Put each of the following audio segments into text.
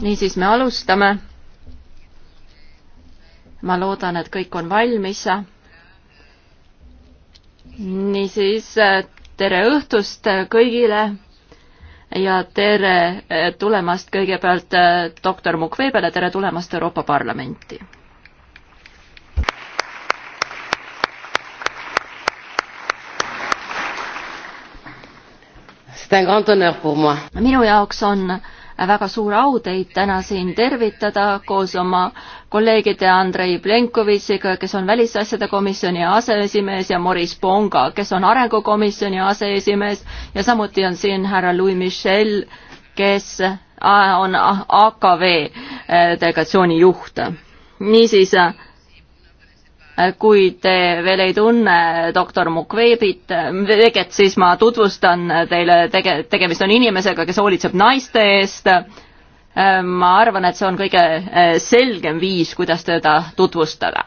niisiis, me alustame. ma loodan, et kõik on valmis. niisiis, tere õhtust kõigile ja tere tulemast kõigepealt doktor Mukwebele, tere tulemast Euroopa Parlamenti minu jaoks on väga suur au teid täna siin tervitada koos oma kolleegide Andrei Plenkovitšiga, kes on Välisasjade komisjoni aseesimees ja Maris Ponga, kes on Arengukomisjoni aseesimees ja samuti on siin härra Louis Michel, kes äh, on AKV äh, delegatsiooni juht. niisiis äh, kui te veel ei tunne doktor Mukwebit, Veget, siis ma tutvustan teile, tege-, tegemist on inimesega, kes hoolitseb naiste eest. ma arvan, et see on kõige eh, selgem viis, kuidas teda tutvustada.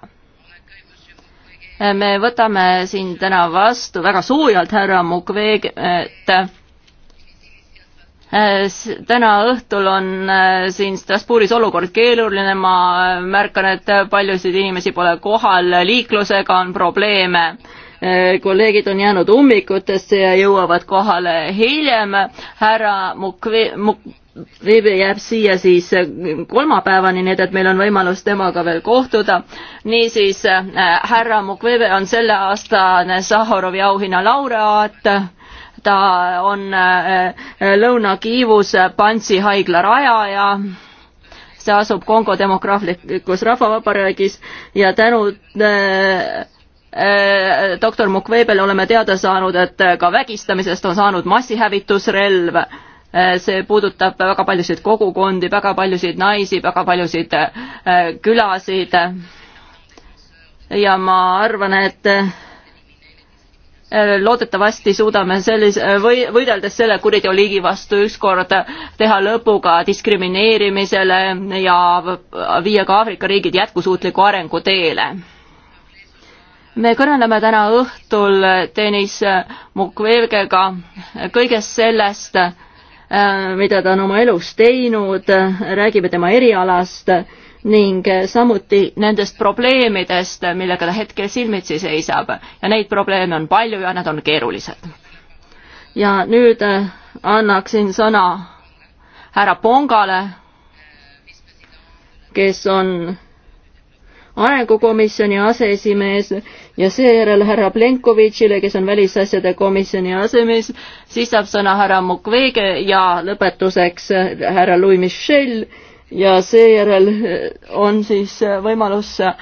me võtame siin täna vastu väga soojalt härra Mukweget Äh, täna õhtul on äh, siin Strasbourgis olukord keeruline, ma äh, märkan, et paljusid inimesi pole kohal, liiklusega on probleeme. kolleegid on jäänud ummikutesse ja jõuavad kohale hiljem. härra Mukve-, Mukvebe jääb siia siis kolmapäevani, nii et meil on võimalus temaga veel kohtuda. niisiis, härra Mukvebe on selle aastane Sahhorovi auhinna laureaat ta on äh, Lõuna-Kiivus Pantsi haigla rajaja see asub Kongo demokraatlikus rahvavabariigis ja tänu äh, äh, doktor Mukwebele oleme teada saanud, et ka vägistamisest on saanud massihävitusrelv äh,. see puudutab väga paljusid kogukondi, väga paljusid naisi, väga paljusid äh, külasid. ja ma arvan, et äh, Äh, loodetavasti suudame sellise äh, või võideldes selle kuriteoliigi vastu ükskord teha lõpu ka diskrimineerimisele ja viia ka Aafrika riigid jätkusuutliku arengu teele. me kõneleme täna õhtul Tõnis Mukwegega kõigest sellest, äh, mida ta on oma elus teinud, räägime tema erialast ning eh, samuti nendest probleemidest, millega ta hetkel silmitsi seisab ja neid probleeme on palju ja nad on keerulised. ja nüüd eh, annaksin sõna härra Pongale, kes on arengukomisjoni aseesimees ja seejärel härra Plenkovitšile, kes on välisasjade komisjoni asemees, siis saab sõna härra Mukwege ja lõpetuseks härra Louis Michel ja seejärel eh, on siis eh, võimalus eh,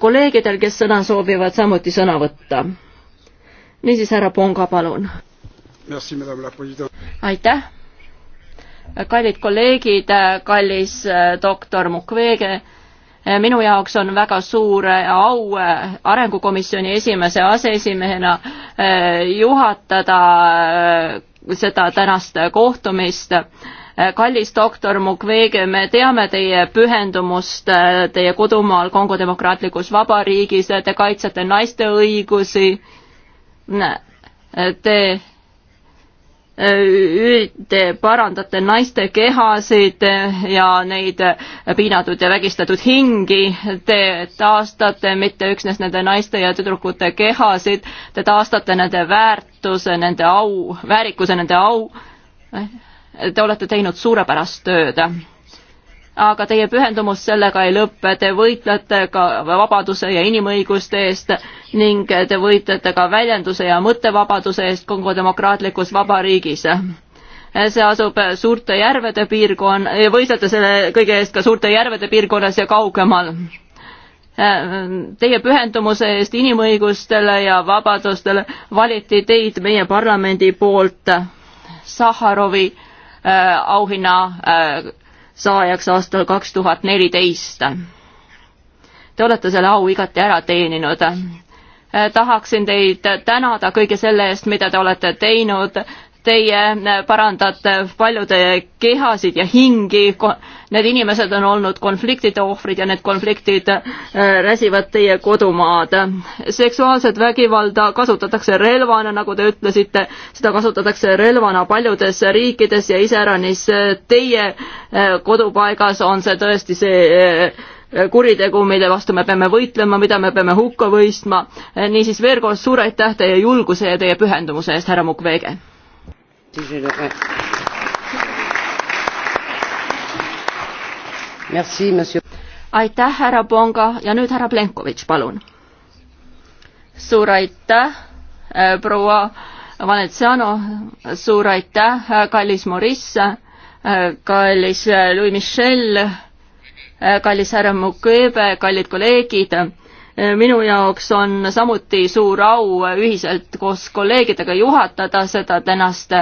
kolleegidel, kes sõna soovivad, samuti sõna võtta. niisiis, härra Ponga, palun. aitäh. kallid kolleegid, kallis doktor Mukwege, minu jaoks on väga suur au Arengukomisjoni esimese aseesimehena juhatada seda tänast kohtumist Eh, kallis doktor Mukwege, me teame teie pühendumust eh, teie kodumaal Kongo Demokraatlikus Vabariigis, te kaitsete naiste õigusi, eh, te te parandate naiste kehasid ja neid piinatud ja vägistatud hingi, te taastate mitte üksnes nende naiste ja tüdrukute kehasid, te taastate nende väärtuse, nende au, väärikuse, nende au Te olete teinud suurepärast tööd. aga teie pühendumus sellega ei lõpe, te võitlete ka vabaduse ja inimõiguste eest ning te võitlete ka väljenduse ja mõttevabaduse eest Kongo demokraatlikus vabariigis see asub suurte järvede piirkon-, võistlete selle kõige eest ka suurte järvede piirkonnas ja kaugemal. Teie pühendumuse eest inimõigustele ja vabadustele valiti teid meie parlamendi poolt Saharovi Äh, auhinna äh, saajaks aastal kaks tuhat neliteist. Te olete selle au igati ära teeninud äh, tahaksin teid tänada kõige selle eest, mida te olete teinud teie parandate paljude kehasid ja hingi. Need inimesed on olnud konfliktide ohvrid ja need konfliktid äh, räsivad teie kodumaad. seksuaalset vägivalda kasutatakse relvana, nagu te ütlesite, seda kasutatakse relvana paljudes riikides ja iseäranis äh, teie äh, kodupaigas on see tõesti see kuritegu, mille vastu me peame võitlema, mida me peame hukka võistma. niisiis veel kord suur aitäh teie julguse ja teie pühendumuse eest, härra Mukwege aitäh, härra Ponga ja nüüd härra Plenkovitš, palun. suur aitäh, äh, proua Valentsiano, suur aitäh, äh, kallis Maurice, äh, kallis Louis Michel, kallis härra Mukwebe, kallid kolleegid minu jaoks on samuti suur au ühiselt koos kolleegidega juhatada seda tänast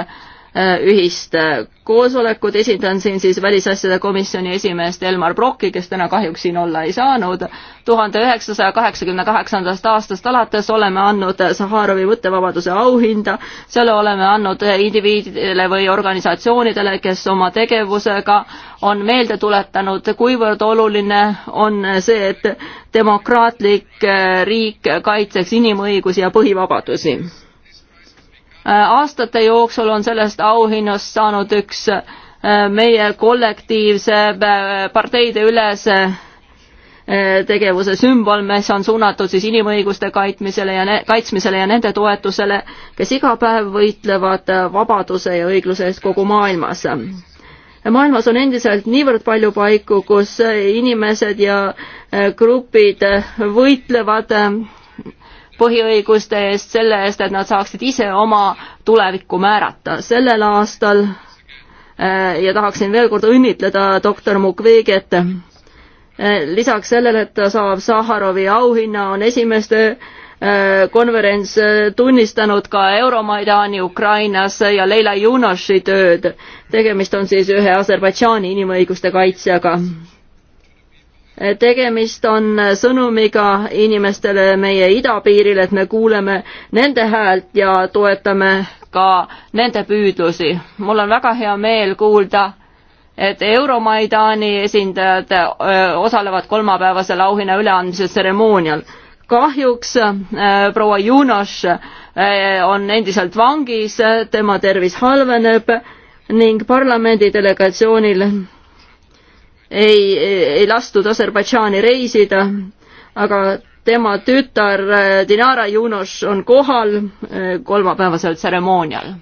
Äh, ühist äh, koosolekut, esindan siin siis välisasjade komisjoni esimeest Elmar Brocki, kes täna kahjuks siin olla ei saanud. tuhande üheksasaja kaheksakümne kaheksandast aastast alates oleme andnud Saharovi mõttevabaduse auhinda, selle oleme andnud indiviididele või organisatsioonidele, kes oma tegevusega on meelde tuletanud, kuivõrd oluline on see, et demokraatlik äh, riik kaitseks inimõigusi ja põhivabadusi Äh, aastate jooksul on sellest auhinnast saanud üks äh, meie kollektiivse äh, parteideülese tegevuse sümbol, mis on suunatud siis inimõiguste kaitmisele ja kaitsmisele ja nende toetusele, kes iga päev võitlevad vabaduse ja õigluse eest kogu maailmas. maailmas on endiselt niivõrd palju paiku, kus inimesed ja grupid võitlevad põhiõiguste eest, selle eest, et nad saaksid ise oma tulevikku määrata. sellel aastal äh, ja tahaksin veel kord õnnitleda doktor Mukweget. Äh, lisaks sellele, et ta saab Saharovi auhinna, on esimeste äh, konverents tunnistanud ka Euromaidani Ukrainas ja Leila Junoši tööd. tegemist on siis ühe Aserbaidžaani inimõiguste kaitsjaga tegemist on sõnumiga inimestele meie idapiiril, et me kuuleme nende häält ja toetame ka nende püüdlusi. mul on väga hea meel kuulda, et Euromaidani esindajad osalevad kolmapäevasel auhinna üleandmise tseremoonial. kahjuks proua Junos on endiselt vangis, tema tervis halveneb ning parlamendi delegatsioonil ei, ei lastud Aserbaidžaani reisida, aga tema tütar äh, Dinara Junos on kohal äh, kolmapäevasel tseremoonial.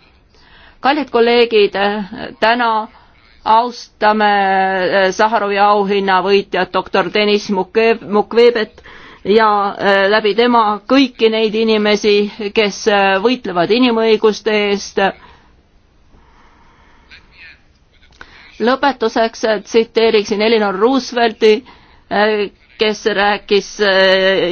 kallid kolleegid, äh, täna austame Saharovi auhinna võitjat doktor Deniss Mukwebet ja läbi tema kõiki neid inimesi, kes võitlevad inimõiguste eest lõpetuseks tsiteeriksin Elinor Roosevelti, äh, kes rääkis äh,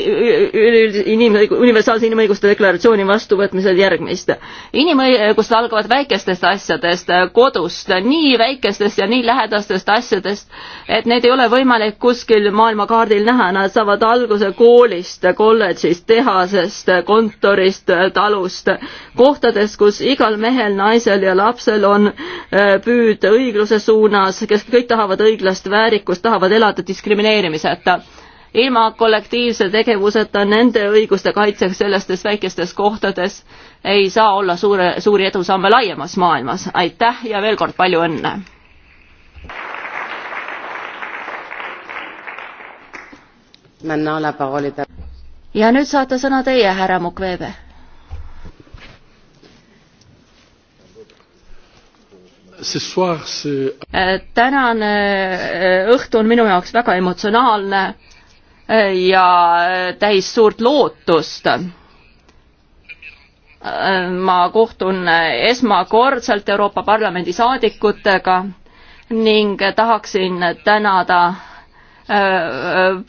inimõig-, universaalse inimõiguste deklaratsiooni vastuvõtmisel järgmist. inimõigused algavad väikestest asjadest, äh, kodust, nii väikestest ja nii lähedastest asjadest, et neid ei ole võimalik kuskil maailmakaardil näha, nad saavad alguse koolist, kolledžist, tehasest, kontorist, äh, talust, kohtadest, kus igal mehel, naisel ja lapsel on püüd õigluse suunas, kes kõik tahavad õiglast väärikust, tahavad elada diskrimineerimiseta ilma kollektiivse tegevuseta nende õiguste kaitseks sellistes väikestes kohtades ei saa olla suure, suuri edusamme laiemas maailmas. aitäh ja veel kord palju õnne! ja nüüd saate sõna teie, härra Mukwebe. Äh, tänane äh, õhtu on minu jaoks väga emotsionaalne ja äh, täis suurt lootust. Äh, ma kohtun äh, esmakordselt Euroopa Parlamendi saadikutega ning tahaksin tänada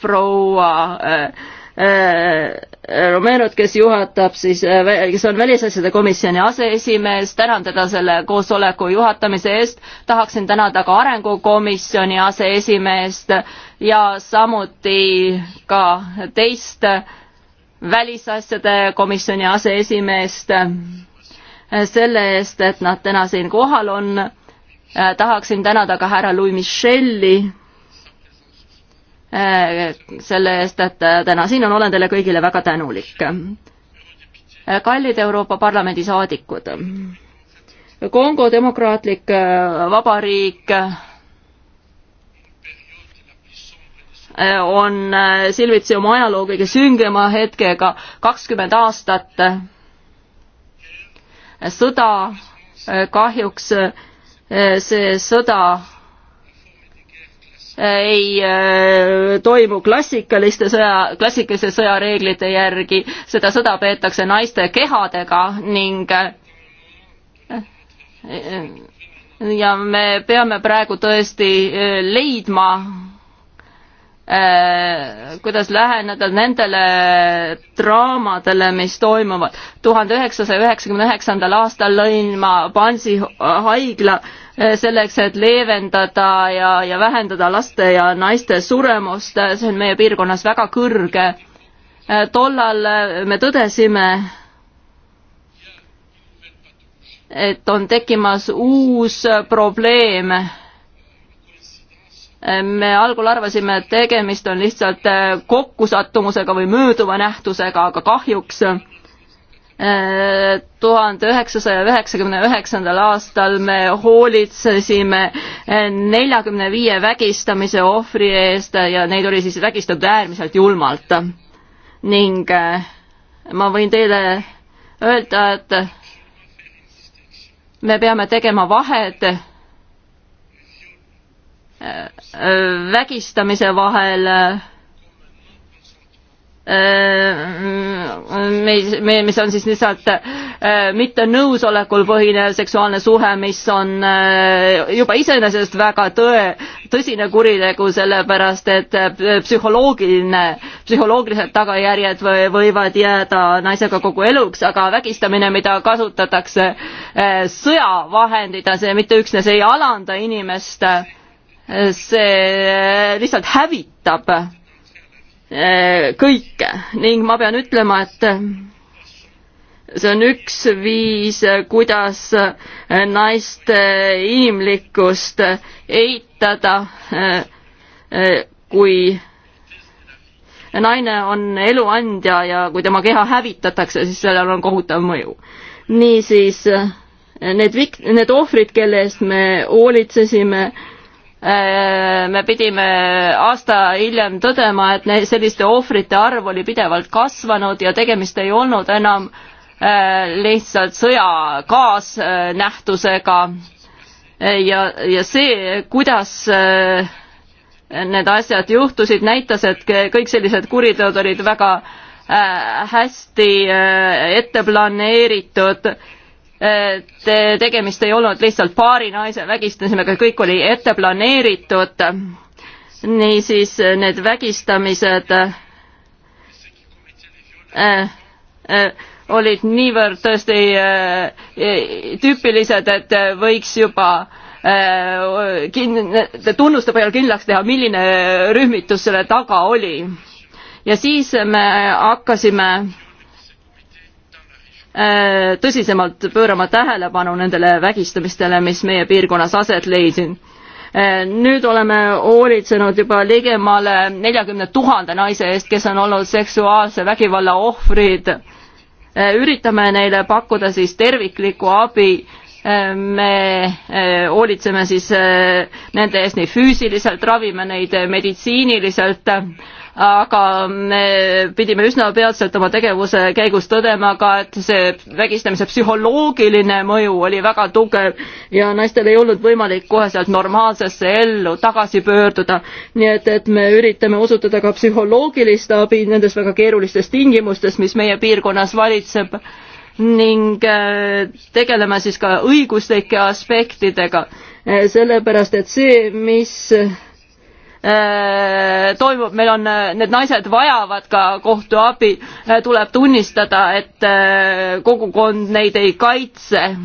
proua äh, Äh, äh, Romerot, kes juhatab siis, äh, kes on välisasjade komisjoni aseesimees, tänan teda selle koosoleku juhatamise eest, tahaksin tänada ka arengukomisjoni aseesimeest ja samuti ka teist välisasjade komisjoni aseesimeest selle eest, et nad täna siin kohal on. tahaksin tänada ka härra Louis Michel'i Äh, selle eest, et äh, täna siin on, olen teile kõigile väga tänulik. Äh, kallid Euroopa Parlamendi saadikud, Kongo Demokraatlik Vabariik on silmitsi oma ajaloo kõige süngema hetkega, kakskümmend aastat sõda, kahjuks see sõda ei äh, toimu klassikaliste sõja, klassikaliste sõjareeglite järgi, seda sõda peetakse naiste kehadega ning äh, ja me peame praegu tõesti äh, leidma kuidas läheneda nendele draamadele, mis toimuvad. tuhande üheksasaja üheksakümne üheksandal aastal lõin ma Pansi haigla Eh, selleks, et leevendada ja, ja vähendada laste ja naiste suremust, eh, see on meie piirkonnas väga kõrge. Eh, tollal me tõdesime, et on tekkimas uus probleem. me algul arvasime, et tegemist on lihtsalt kokkusattumusega või mööduva nähtusega, aga kahjuks äh, tuhande üheksasaja üheksakümne üheksandal aastal me hoolitsesime eh, neljakümne viie vägistamise ohvri eest ja neid oli siis vägistatud äärmiselt julmalt. ning eh, ma võin teile öelda, et me peame tegema vahed eh, vägistamise vahel Äh, mis, mm, mis on siis lihtsalt äh, mitte nõusolekul põhinev seksuaalne suhe, mis on äh, juba iseenesest väga tõe, tõsine kuritegu, sellepärast et psühholoogiline, psühholoogilised tagajärjed või, võivad jääda naisega kogu eluks, aga vägistamine, mida kasutatakse sõjavahendina, see mitte üksnes ei alanda inimest, see lihtsalt hävitab Äh, kõike ning ma pean ütlema, et äh, see on üks viis, äh, kuidas naiste inimlikkust eitada, kui naine on eluandja ja kui tema keha hävitatakse, siis sellel on kohutav mõju. niisiis need vik-, need ohvrid, kelle eest me hoolitsesime, Äh, me pidime aasta hiljem tõdema, et selliste ohvrite arv oli pidevalt kasvanud ja tegemist ei olnud enam äh, lihtsalt sõja kaasnähtusega. Äh, ja, ja see, kuidas need asjad juhtusid, näitas, et kõik sellised kuriteod olid väga hästi ette planeeritud Te, tegemist ei olnud lihtsalt paari naise vägistamisega, kõik oli ette planeeritud. niisiis need vägistamised äh, äh, olid niivõrd tõesti äh, äh tüüpilised, et võiks juba äh, kin-, tunnuste põhjal kindlaks teha, milline rühmitus selle taga oli. ja siis me hakkasime Äh, tõsisemalt pöörama tähelepanu nendele vägistamistele, mis meie piirkonnas aset leidsid. Äh, nüüd oleme hoolitsenud juba ligemale neljakümne tuhande naise eest, kes on olnud seksuaalse vägivalla ohvrid. Äh, üritame neile pakkuda siis terviklikku abi me hoolitseme siis nende eest nii füüsiliselt, ravime neid meditsiiniliselt, aga me pidime üsna peatselt oma tegevuse käigus tõdema ka, et see vägistamise psühholoogiline mõju oli väga tugev ja naistel ei olnud võimalik koheselt normaalsesse ellu tagasi pöörduda. nii et, et me üritame osutada ka psühholoogilist abi nendes väga keerulistes tingimustes, mis meie piirkonnas valitseb ning äh, tegeleme siis ka õiguslike aspektidega, äh, sellepärast et see, mis Äh, toimub, meil on, äh, need naised vajavad ka kohtuabi, äh, tuleb tunnistada, et kogukond neid ei kaitse.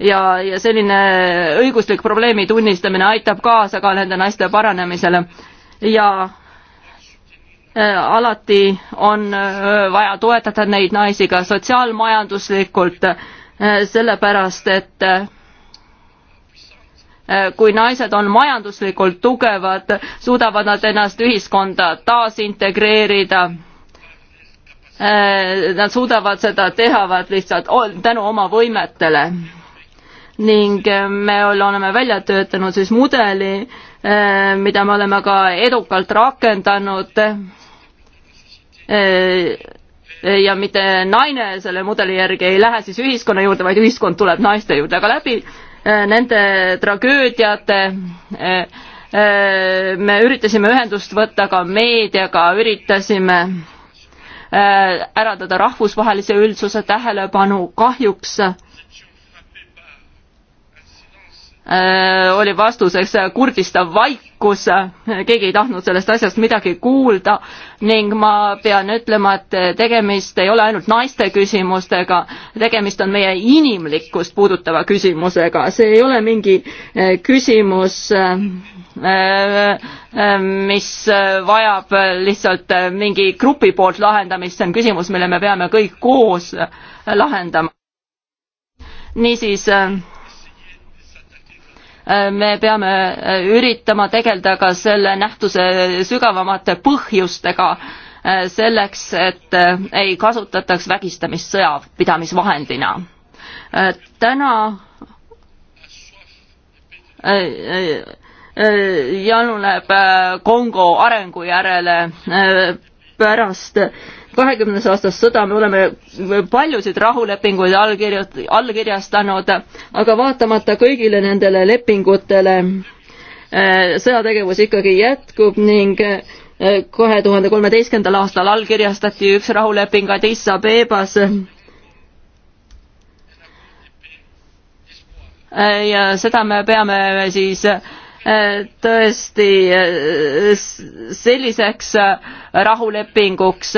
ja, ja selline õiguslik probleemi tunnistamine aitab kaasa ka nende naiste paranemisele ja alati on vaja toetada neid naisi ka sotsiaalmajanduslikult, sellepärast et Äh, kui naised on majanduslikult tugevad, suudavad nad ennast ühiskonda taasintegreerida. Äh, nad suudavad seda teha lihtsalt tänu oma võimetele ning äh, me oleme välja töötanud siis mudeli, mida me oleme ka edukalt rakendanud. ja mitte naine selle mudeli järgi ei lähe siis ühiskonna juurde, vaid ühiskond tuleb naiste juurde, aga läbi Äh, nende tragöödiate äh, äh, me üritasime ühendust võtta ka meediaga, üritasime äratada rahvusvahelise üldsuse tähelepanu, kahjuks Äh, oli vastuseks kurdistav vaikus, keegi ei tahtnud sellest asjast midagi kuulda ning ma pean ütlema, et tegemist ei ole ainult naiste küsimustega, tegemist on meie inimlikkust puudutava küsimusega, see ei ole mingi äh, küsimus, äh, mis vajab lihtsalt mingi grupi poolt lahendamist, see on küsimus, mille me peame kõik koos lahendama. niisiis me peame äh, üritama tegeleda ka selle nähtuse sügavamate põhjustega äh, selleks, et äh, ei kasutataks vägistamist sõjapidamisvahendina. täna januneb Kongo arengu järele pärast kahekümnes aastas sõda, me oleme paljusid rahulepinguid allkirjast-, allkirjastanud, aga vaatamata kõigile nendele lepingutele äh, sõjategevus ikkagi jätkub ning äh, kahe tuhande kolmeteistkümnendal aastal allkirjastati üks rahuleping Addis Abebas. Äh, ja seda me peame siis tõesti selliseks rahulepinguks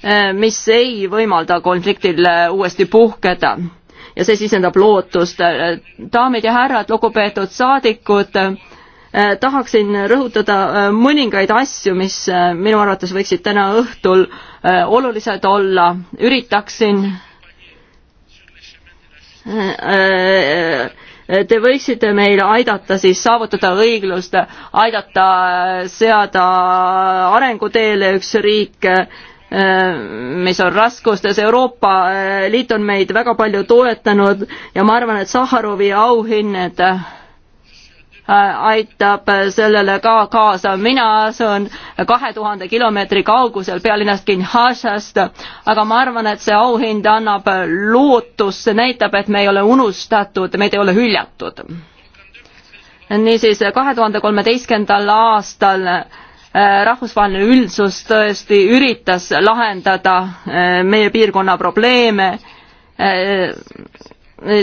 Äh, mis ei võimalda konfliktil äh, uuesti puhkeda ja see sisendab lootust. Äh, daamid ja härrad, lugupeetud saadikud, tahaksin rõhutada mõningaid asju, mis minu arvates võiksid täna õhtul olulised olla. üritaksin Te võiksite meile aidata siis saavutada õiglust, aidata seada arenguteele üks riik mis on raskustes. Euroopa eh, Liit on meid väga palju toetanud ja ma arvan, et Sahharovi auhinned eh, aitab sellele ka kaasa. mina asun kahe tuhande kilomeetri kaugusel pealinnast Kinshasast, aga ma arvan, et see auhind annab lootust, see näitab, et me ei ole unustatud, meid ei ole hüljatud. niisiis kahe tuhande kolmeteistkümnendal aastal Äh, rahvusvaheline üldsus tõesti üritas lahendada äh, meie piirkonna probleeme. Äh,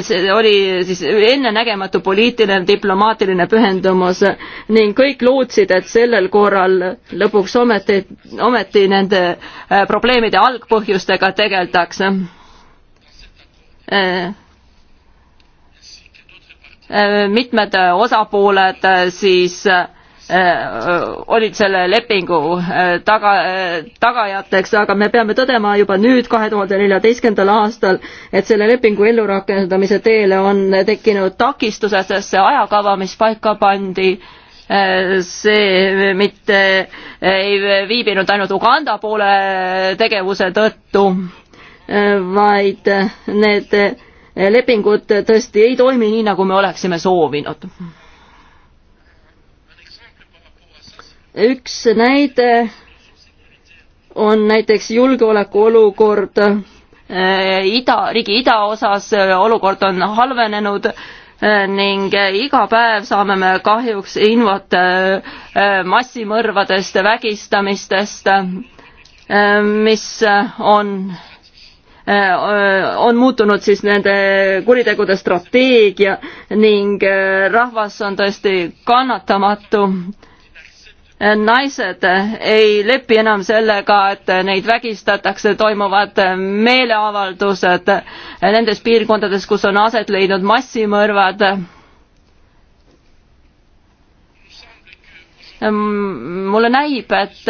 see oli siis ennenägematu poliitiline diplomaatiline pühendumus ning kõik lootsid, et sellel korral lõpuks ometi, ometi nende probleemide algpõhjustega tegeldakse mitmed osapooled siis äh, Äh, äh, olid selle lepingu äh, taga, tagajateks, aga me peame tõdema juba nüüd, kahe tuhande neljateistkümnendal aastal, et selle lepingu ellurakendamise teele on tekkinud takistused, sest see ajakava, mis paika pandi, see mitte ei viibinud ainult Uganda poole tegevuse tõttu, vaid need lepingud tõesti ei toimi nii, nagu me oleksime soovinud üks näide on näiteks julgeolekuolukord äh, ida, riigi idaosas, äh, olukord on halvenenud äh, ning iga päev saame me kahjuks infot massimõrvadest, vägistamistest, mis on, on muutunud siis nende kuritegude strateegia ning rahvas on tõesti kannatamatu naised ei lepi enam sellega, et neid vägistatakse, toimuvad meeleavaldused nendes piirkondades, kus on aset leidnud massimõrvad. mulle näib, et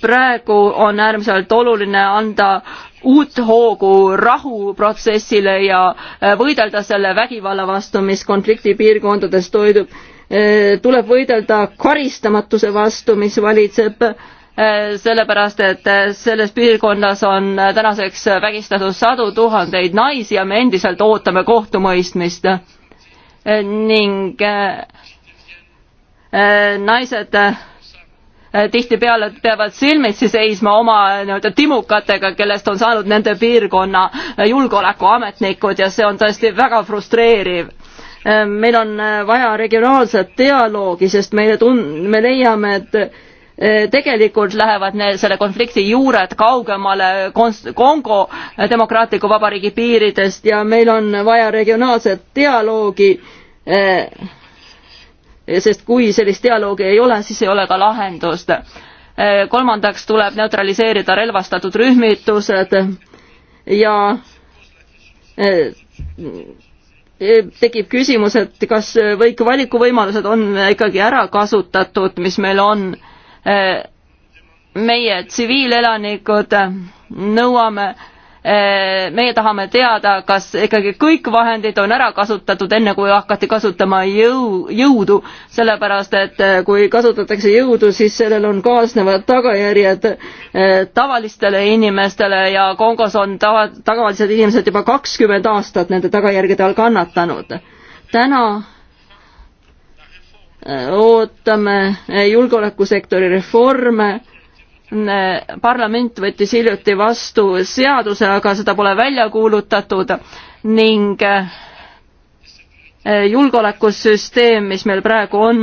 praegu on äärmiselt oluline anda uut hoogu rahuprotsessile ja äh, võidelda selle vägivalla vastu, mis konfliktipiirkondades toidub. Äh, tuleb võidelda karistamatuse vastu, mis valitseb äh, sellepärast, et selles piirkonnas on tänaseks vägistatud sadu tuhandeid naisi ja me endiselt ootame kohtumõistmist ning naised Äh, tihtipeale peavad silmitsi seisma oma nii-öelda timukatega, kellest on saanud nende piirkonna äh, julgeolekuametnikud ja see on tõesti väga frustreeriv äh, meil on vaja regionaalset dialoogi, sest meile tun-, me leiame, et tegelikult lähevad need, selle konflikti juured kaugemale Konst-, Kongo Demokraatliku Vabariigi piiridest ja meil on vaja regionaalset dialoogi eh, sest kui sellist dialoogi ei ole, siis ei ole ka lahendust. Äh, kolmandaks tuleb neutraliseerida relvastatud rühmitused ja äh, äh, tekib küsimus, et kas kõik valikuvõimalused on ikkagi ära kasutatud, mis meil on. meie tsiviilelanikud nõuame äh, Äh, meie tahame teada, kas ikkagi kõik vahendid on ära kasutatud, enne kui hakati kasutama jõu, jõudu, sellepärast et äh, kui kasutatakse jõudu, siis sellel on kaasnevad tagajärjed äh, tavalistele inimestele ja Kongos on tava, tavalised inimesed juba kakskümmend aastat nende tagajärgede all kannatanud. täna ootame julgeolekusektori reforme parlament võttis hiljuti vastu seaduse, aga seda pole välja kuulutatud ning eh, julgeolekusüsteem, mis meil praegu on,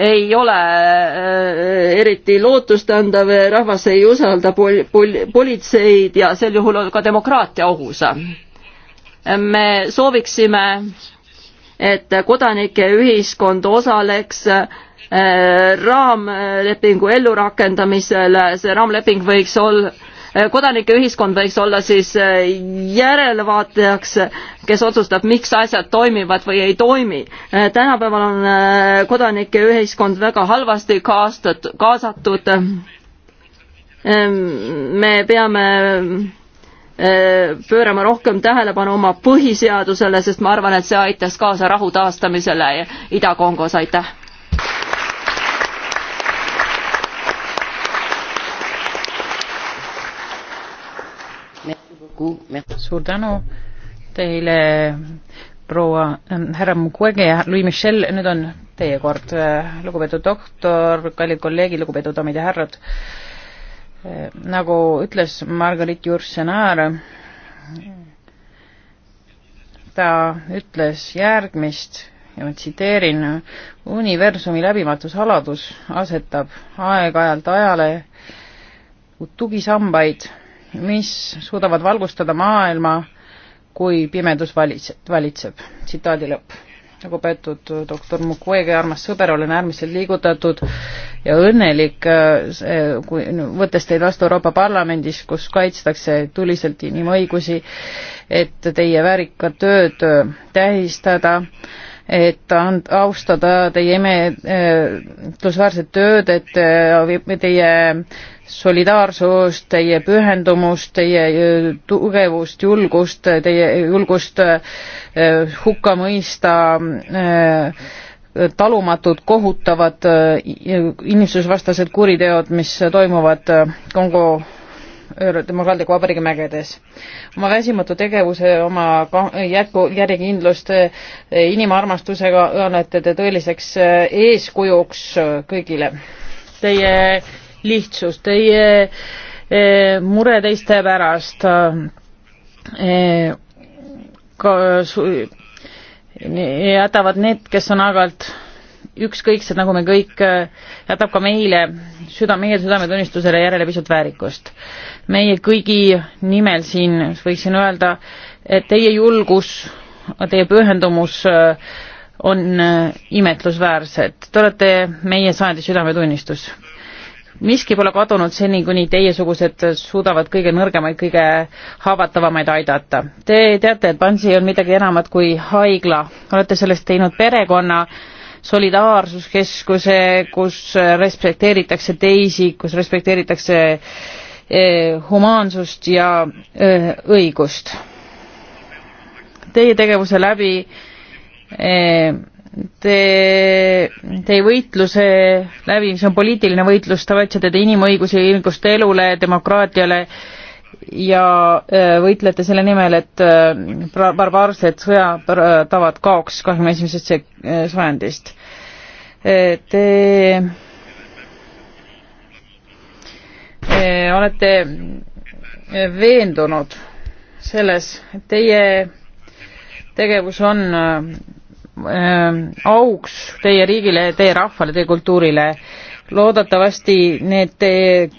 ei ole eh, eriti lootustandav, rahvas ei usalda pol-, pol-, politseid ja sel juhul on ka demokraatia ohus. me sooviksime, et kodanike ühiskond osaleks äh, Äh, raamlepingu ellurakendamisel, see raamleping võiks olla äh, kodanike ühiskond võiks olla siis äh, järelevaatajaks, kes otsustab, miks asjad toimivad või ei toimi. tänapäeval on kodanike ühiskond väga halvasti kaastat-, kaasatud. Ehm, me peame pöörama rohkem tähelepanu oma põhiseadusele, sest ma arvan, et see aitas kaasa rahu taastamisele Ida-Kongos, aitäh! suur tänu teile, proua ähm, härra Mukwege ja Louis Michel, nüüd on teie kord, äh, lugupeetud doktor, kallid kolleegid, lugupeetud daamid ja härrad. Äh, nagu ütles Margarit Jursenaar, ta ütles järgmist ja ma tsiteerin, universumi läbimatu saladus asetab aeg-ajalt ajale tugisambaid mis suudavad valgustada maailma, kui pimedus valitseb, valitseb. tsitaadi lõpp. lugupeetud doktor Mukwege, armas sõber, olen äärmiselt liigutatud ja õnnelik, eh, kui võttes teid vastu Euroopa Parlamendis, kus kaitstakse tuliselt inimõigusi, et teie väärikat tööd tähistada et and-, austada teie imetlusväärset eh, tööd, et eh, teie solidaarsust, teie pühendumust, teie äh, tugevust, julgust, teie julgust äh, hukka mõista äh, talumatud kohutavad inimsusvastased kuriteod, mis toimuvad Kongo demokraatliku vabariigi mägedes. oma väsimatu tegevuse, oma jätku, järjekindlust, inimarmastusega annate te tõeliseks eeskujuks kõigile. Teie lihtsus, teie eh, mure teiste pärast. Eh, eh, jätavad need, kes on aeg-ajalt ükskõiksed, nagu me kõik, jätab ka meile süda, meie südametunnistusele järele pisut väärikust. meie kõigi nimel siin võiksin öelda, et teie julgus, teie pühendumus on imetlusväärsed. Te olete meie sajandi südametunnistus miski pole kadunud seni, kuni teiesugused suudavad kõige nõrgemaid, kõige haavatavamaid aidata. Te teate, et Bansi on midagi enamat kui haigla, olete sellest teinud perekonna, solidaarsuskeskuse, kus respekteeritakse teisi, kus respekteeritakse eh, humaansust ja eh, õigust. Teie tegevuse läbi eh, te, teie võitluse läbi, see on poliitiline võitlus, te võtsite inimõigusi, inimõiguste elule, demokraatiale ja äh, võitlete selle nimel, et äh, barbaarsed sõjatavad kaoks kahekümne esimesest äh, sajandist. Te olete veendunud selles, et teie tegevus on Äh, auks teie riigile, teie rahvale, teie kultuurile. loodetavasti need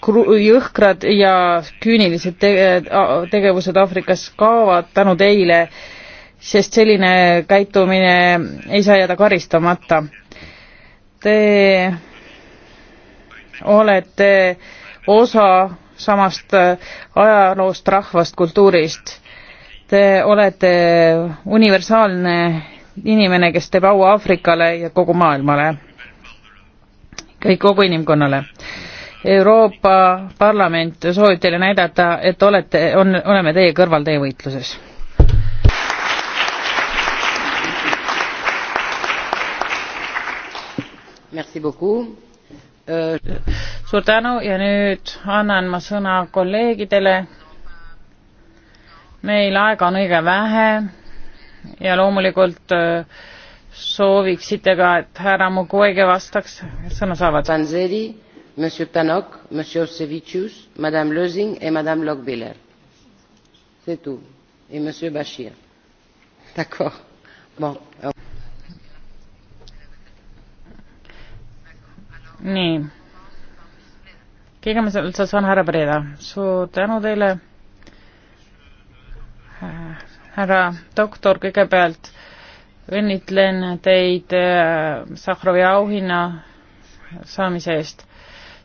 jõhkrad ja küünilised tege, tegevused Aafrikas kaovad tänu teile, sest selline käitumine ei saa jääda karistamata. Te olete osa samast äh, ajaloost, rahvast, kultuurist. Te olete universaalne inimene, kes teeb au Aafrikale ja kogu maailmale, kõik, kogu inimkonnale. Euroopa Parlament soovib teile näidata, et olete, on, oleme teie kõrval teie võitluses. Euh, suur tänu ja nüüd annan ma sõna kolleegidele. meil aega on õige vähe ja loomulikult äh, sooviksite ka, et härra Mukwege vastaks, sõna saavad. Panzeri, Monsieur Tanok, Monsieur Sevicius, Madame Lösing ja Madame Logbiller. see tuu. ja Monsieur Bashir. D'accord. Bon. nii. kõigepealt saan härra Breda, suur tänu teile äh, härra doktor, kõigepealt õnnitlen teid äh, Sahhrovi auhinna saamise eest.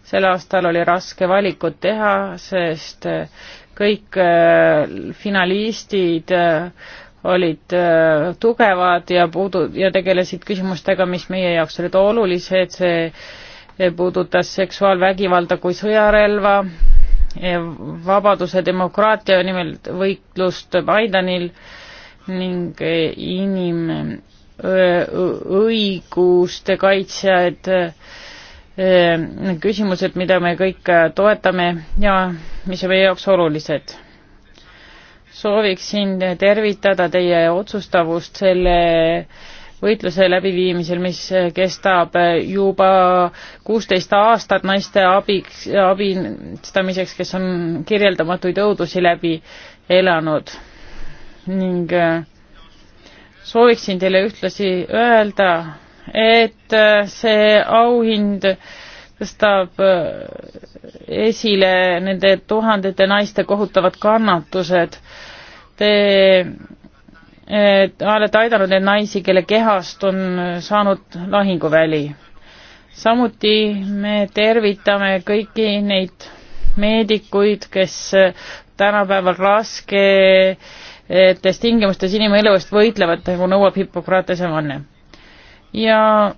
sel aastal oli raske valikut teha, sest äh, kõik äh, finalistid olid tugevad ja puudu- ja tegelesid küsimustega, mis meie jaoks olid olulised, see puudutas seksuaalvägivalda kui sõjarelva, vabaduse, demokraatia nimel võitlust Maidanil ning inimõiguste kaitsjaid, küsimused, mida me kõik toetame ja mis on meie jaoks olulised. sooviksin tervitada teie otsustavust selle võitluse läbiviimisel, mis kestab juba kuusteist aastat naiste abiks, abistamiseks, kes on kirjeldamatuid õudusi läbi elanud. ning äh, sooviksin teile ühtlasi öelda, et äh, see auhind tõstab äh, esile nende tuhandete naiste kohutavad kannatused. Te et olete aidanud neid naisi, kelle kehast on saanud lahinguväli. samuti me tervitame kõiki neid meedikuid, kes tänapäeval rasketes tingimustes inimelu eest võitlevad, nagu nõuab Hippokratese vanne. ja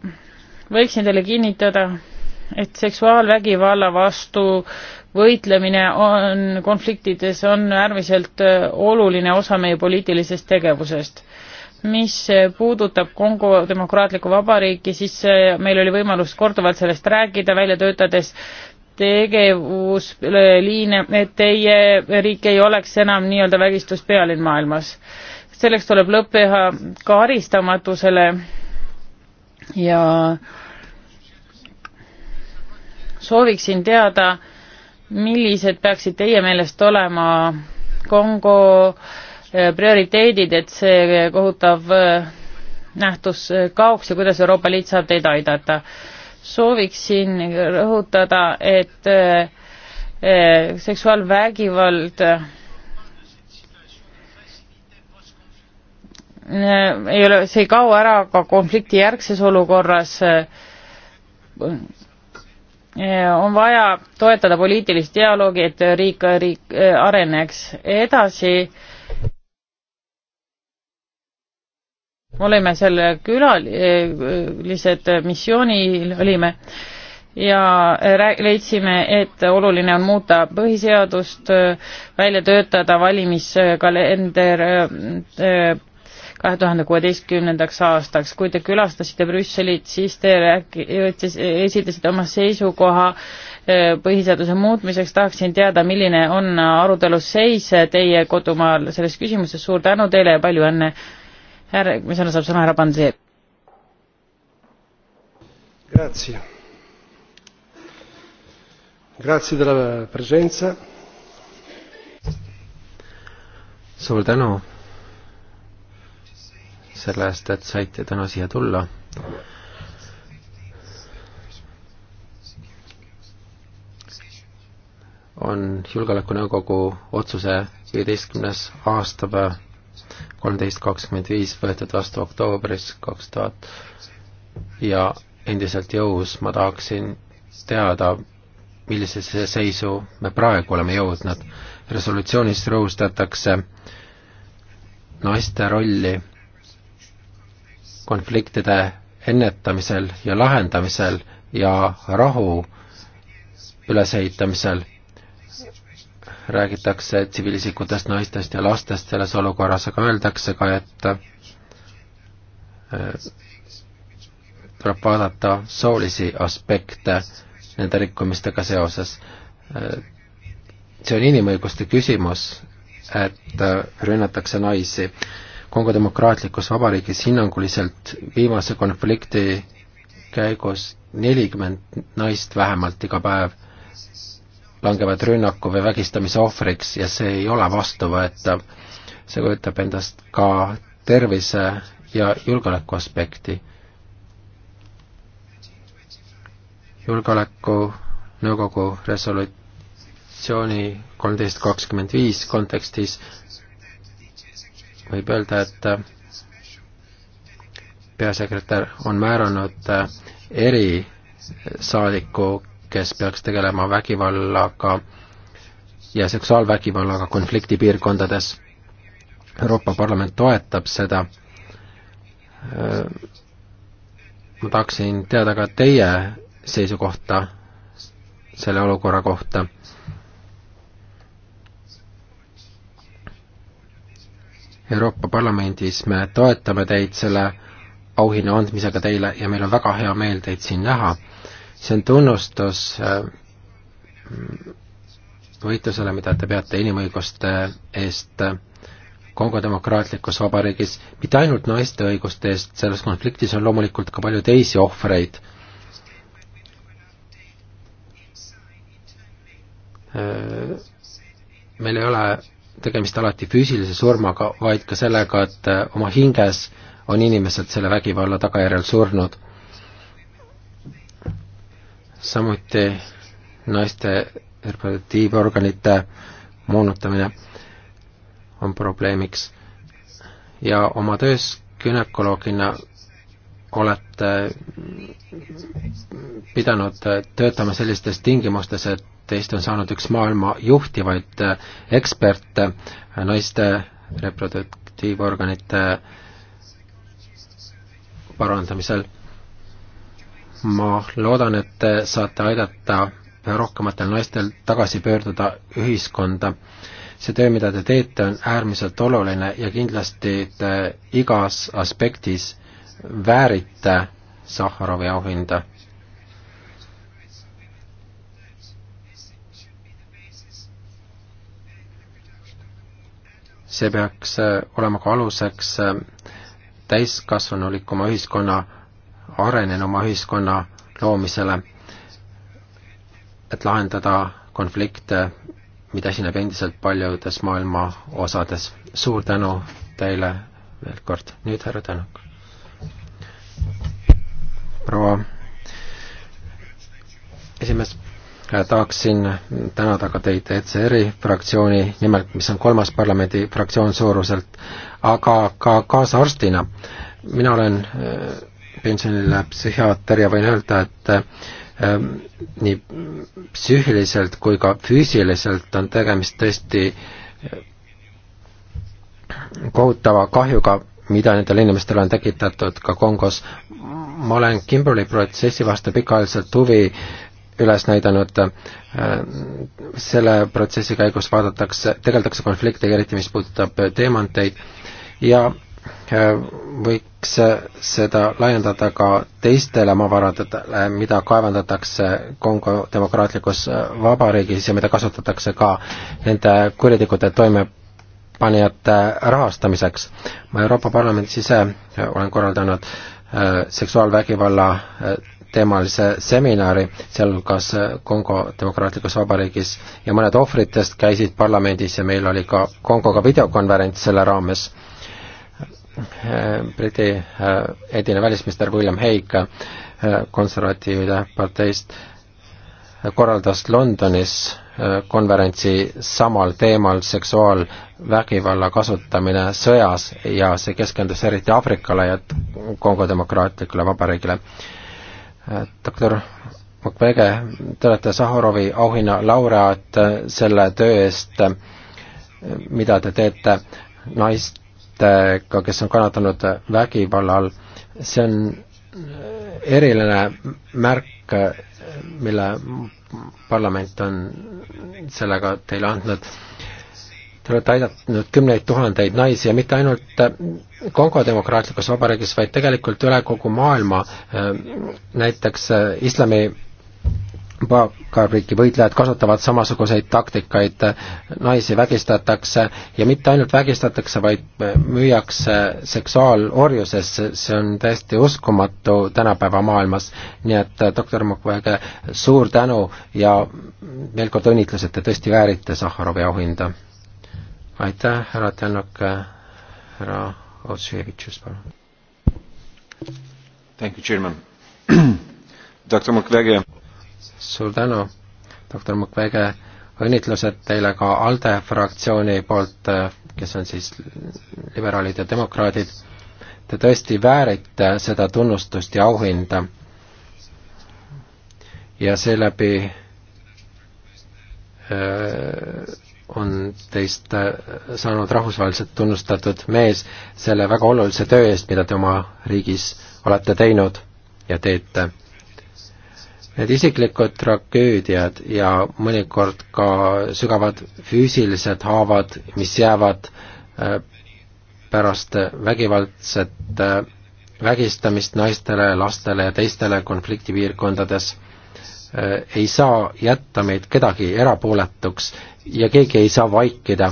võiksin teile kinnitada, et seksuaalvägivalla vastu võitlemine on konfliktides on äärmiselt äh, oluline osa meie poliitilisest tegevusest. mis äh, puudutab Kongo Demokraatlikku Vabariiki, siis äh, meil oli võimalus korduvalt sellest rääkida, välja töötades tegevusliine, et teie riik ei oleks enam nii-öelda vägistuspealinn maailmas. selleks tuleb lõpp teha karistamatusele ka ja sooviksin teada, millised peaksid teie meelest olema Kongo eh, prioriteedid, et see eh, kohutav eh, nähtus kaoks ja kuidas Euroopa Liit saab teid aidata? sooviksin rõhutada, et seksuaalvägivald ei ole, see ei kao ära ka konfliktijärgses olukorras on vaja toetada poliitilist dialoogi, et riik, riik äh, areneks edasi. olime selle külalised missioonil, olime ja leidsime, et oluline on muuta põhiseadust, välja töötada valimiskalender, äh, äh, kahe tuhande kuueteistkümnendaks aastaks. kui te külastasite Brüsselit, siis te rääki-, esitasite oma seisukoha äh, põhiseaduse muutmiseks, tahaksin teada, milline on arutelu seis teie kodumaal selles küsimuses, suur tänu teile ja palju õnne. järgmisena saab sõna härra Panseer. Grazie. Grazie della presenza. suur tänu selle eest, et saite täna siia tulla. on Julgeolekunõukogu otsuse viieteistkümnes aastapäev, kolmteist kakskümmend viis võetud vastu oktoobris kaks tuhat ja endiselt jõus, ma tahaksin teada, millisesse seisu me praegu oleme jõudnud. resolutsioonis rõhustatakse naiste rolli konfliktide ennetamisel ja lahendamisel ja rahu ülesehitamisel. räägitakse tsiviilisikutest, naistest ja lastest selles olukorras, aga öeldakse ka, et äh, tuleb vaadata soolisi aspekte nende rikkumistega seoses. Äh, see on inimõiguste küsimus, et äh, rünnatakse naisi Kongo demokraatlikus vabariigis hinnanguliselt viimase konflikti käigus nelikümmend naist vähemalt iga päev langevad rünnaku või vägistamise ohvriks ja see ei ole vastuvõetav. see kujutab endast ka tervise ja julgeoleku aspekti. julgeolekunõukogu resolutsiooni kolmteist kakskümmend viis kontekstis võib öelda, et peasekretär on määranud erisaadiku, kes peaks tegelema vägivallaga ja seksuaalvägivallaga konfliktipiirkondades. Euroopa Parlament toetab seda. ma tahaksin teada ka teie seisukohta selle olukorra kohta Euroopa Parlamendis me toetame teid selle auhinna andmisega teile ja meil on väga hea meel teid siin näha. see on tunnustus äh, võitlusele, mida te peate inimõiguste eest äh, Kongo demokraatlikus vabariigis, mitte ainult naiste õiguste eest, selles konfliktis on loomulikult ka palju teisi ohvreid. Äh, meil ei ole tegemist alati füüsilise surmaga, vaid ka sellega, et äh, oma hinges on inimesed selle vägivalla tagajärjel surnud. samuti naiste reproduktiivorganite moonutamine on probleemiks. ja oma töös gümnakoloogina olete pidanud äh, töötama sellistes tingimustes, et teist on saanud üks maailma juhtivaid äh, eksperte äh, naiste reproduktiivorganite äh, parandamisel. ma loodan, et te saate aidata rohkematel naistel tagasi pöörduda ühiskonda. see töö, mida te teete, on äärmiselt oluline ja kindlasti te igas aspektis väärite Sahharovi auhinda see peaks äh, olema ka aluseks äh, täiskasvanulikuma ühiskonna, arenenuma ühiskonna loomisele, et lahendada konflikte, mida esineb endiselt paljudes maailma osades. suur tänu teile veel kord, nüüd härra Tänak. proua esimees tahaksin tänada ka teid ECR-i fraktsiooni nimel, mis on kolmas parlamendi fraktsioon suuruselt, aga ka kaasarstina. mina olen äh, pensionile psühhiaater ja võin öelda, et äh, nii psüühiliselt kui ka füüsiliselt on tegemist tõesti äh, kohutava kahjuga, mida nendele inimestele on tekitatud ka Kongos. ma olen Kimberli protsessi vastu pikaajaliselt huvi äh, üles näidanud. Äh, selle protsessi käigus vaadatakse, tegeldakse konfliktiga, eriti mis puudutab teemanteid ja äh, võiks seda laiendada ka teistele maavaradele, mida kaevandatakse Kongo demokraatlikus äh, vabariigis ja mida kasutatakse ka nende kuritegude toimepanijate rahastamiseks. ma Euroopa Parlamendis ise olen korraldanud seksuaalvägivalla teemalise seminari, sealhulgas Kongo Demokraatlikus Vabariigis ja mõned ohvritest käisid parlamendis ja meil oli ka Kongoga videokonverents selle raames. Briti äh, endine välisminister William Hague äh, konservatiivide parteist korraldas Londonis äh, konverentsi samal teemal seksuaalvägivalla kasutamine sõjas ja see keskendus eriti Aafrikale ja Kongo Demokraatlikule Vabariigile Äh, doktor Mukwege, te olete Sahharovi auhinna laureaat äh, selle töö eest, äh, mida te teete naistega, kes on kannatanud vägivalla all. see on eriline märk, mille parlament on sellega teile andnud Te olete aidanud kümneid tuhandeid naisi ja mitte ainult äh, Kongo demokraatlikus vabariigis, vaid tegelikult üle kogu maailma, äh, näiteks äh, islami paakariigi võitlejad kasutavad samasuguseid taktikaid, naisi vägistatakse ja mitte ainult vägistatakse, vaid müüakse seksuaalorjusesse, see on täiesti uskumatu tänapäeva maailmas. nii et doktor Mukwege, suur tänu ja veel kord õnnitlused, te tõesti väärite Sahharovi auhinda aitäh, härra Tänak, härra Otsevitšus, palun. Thank you, chairman. doktor Mukwege. suur tänu, doktor Mukwege, õnnitlused teile ka ALDE fraktsiooni poolt, kes on siis liberaalid ja demokraadid. Te tõesti väärite seda tunnustust ja auhinda. ja seeläbi öö, äh, on teist äh, saanud rahvusvaheliselt tunnustatud mees selle väga olulise töö eest, mida te oma riigis olete teinud ja teete. Need isiklikud tragöödiad ja mõnikord ka sügavad füüsilised haavad, mis jäävad äh, pärast vägivaldset äh, vägistamist naistele, lastele ja teistele konfliktipiirkondades, ei saa jätta meid kedagi erapooletuks ja keegi ei saa vaikida.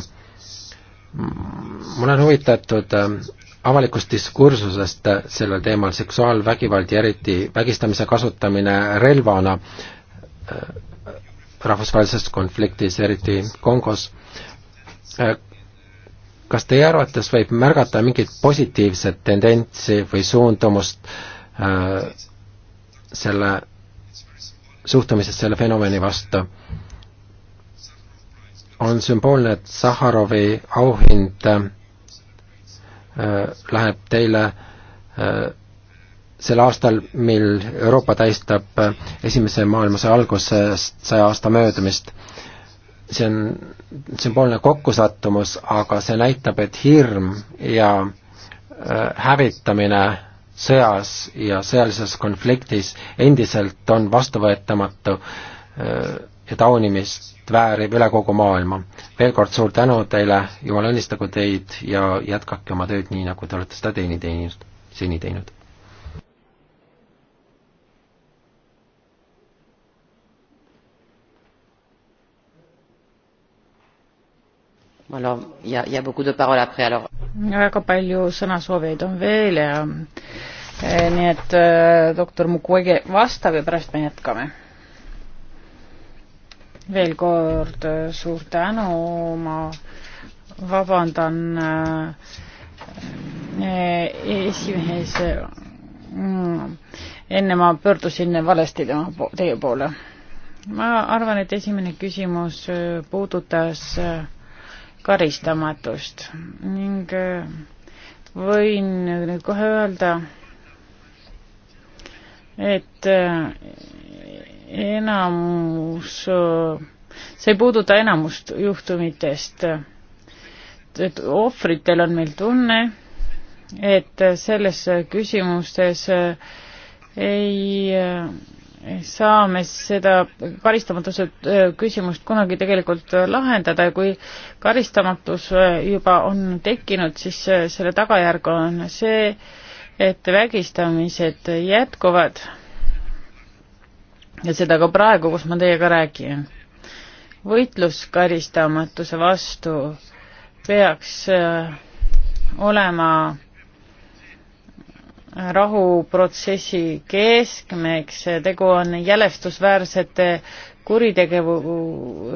ma olen huvitatud ähm, avalikust diskursusest äh, sellel teemal, seksuaalvägivald ja eriti vägistamise kasutamine relvana äh, rahvusvahelises konfliktis, eriti Kongos. Äh, kas teie arvates võib märgata mingit positiivset tendentsi või suundumust selle suhtumises selle fenomeni vastu? on sümboolne, et Saharovi auhind äh, läheb teile äh, sel aastal, mil Euroopa tähistab äh, Esimese maailmasõja algusest saja aasta möödumist. see on sümboolne kokkusattumus, aga see näitab, et hirm ja hävitamine sõjas ja sõjalises konfliktis endiselt on vastuvõetamatu ja taunimist toetust väärib üle kogu maailma. veel kord suur tänu teile, jumal õnnistagu teid ja jätkake oma tööd nii, nagu te olete seda teeni teinud, seni teinud. väga palju sõnasoovijaid on veel ja eh, nii et eh, doktor Mukwege vastab ja pärast me jätkame veel kord äh, suur tänu, ma vabandan äh, äh, esimees, mm, enne ma pöördusin valesti tema, teie poole. ma arvan, et esimene küsimus puudutas karistamatust ning võin nüüd kohe öelda, et enamus, see ei puuduta enamust juhtumitest. et ohvritel on meil tunne, et selles küsimustes ei saa me seda karistamatuse küsimust kunagi tegelikult lahendada ja kui karistamatus juba on tekkinud, siis selle tagajärg on see, et vägistamised jätkuvad ja seda ka praegu, kus ma teiega räägin. võitlus karistamatuse vastu peaks äh, olema rahuprotsessi keskmeks, tegu on jälestusväärsete kuritegevu,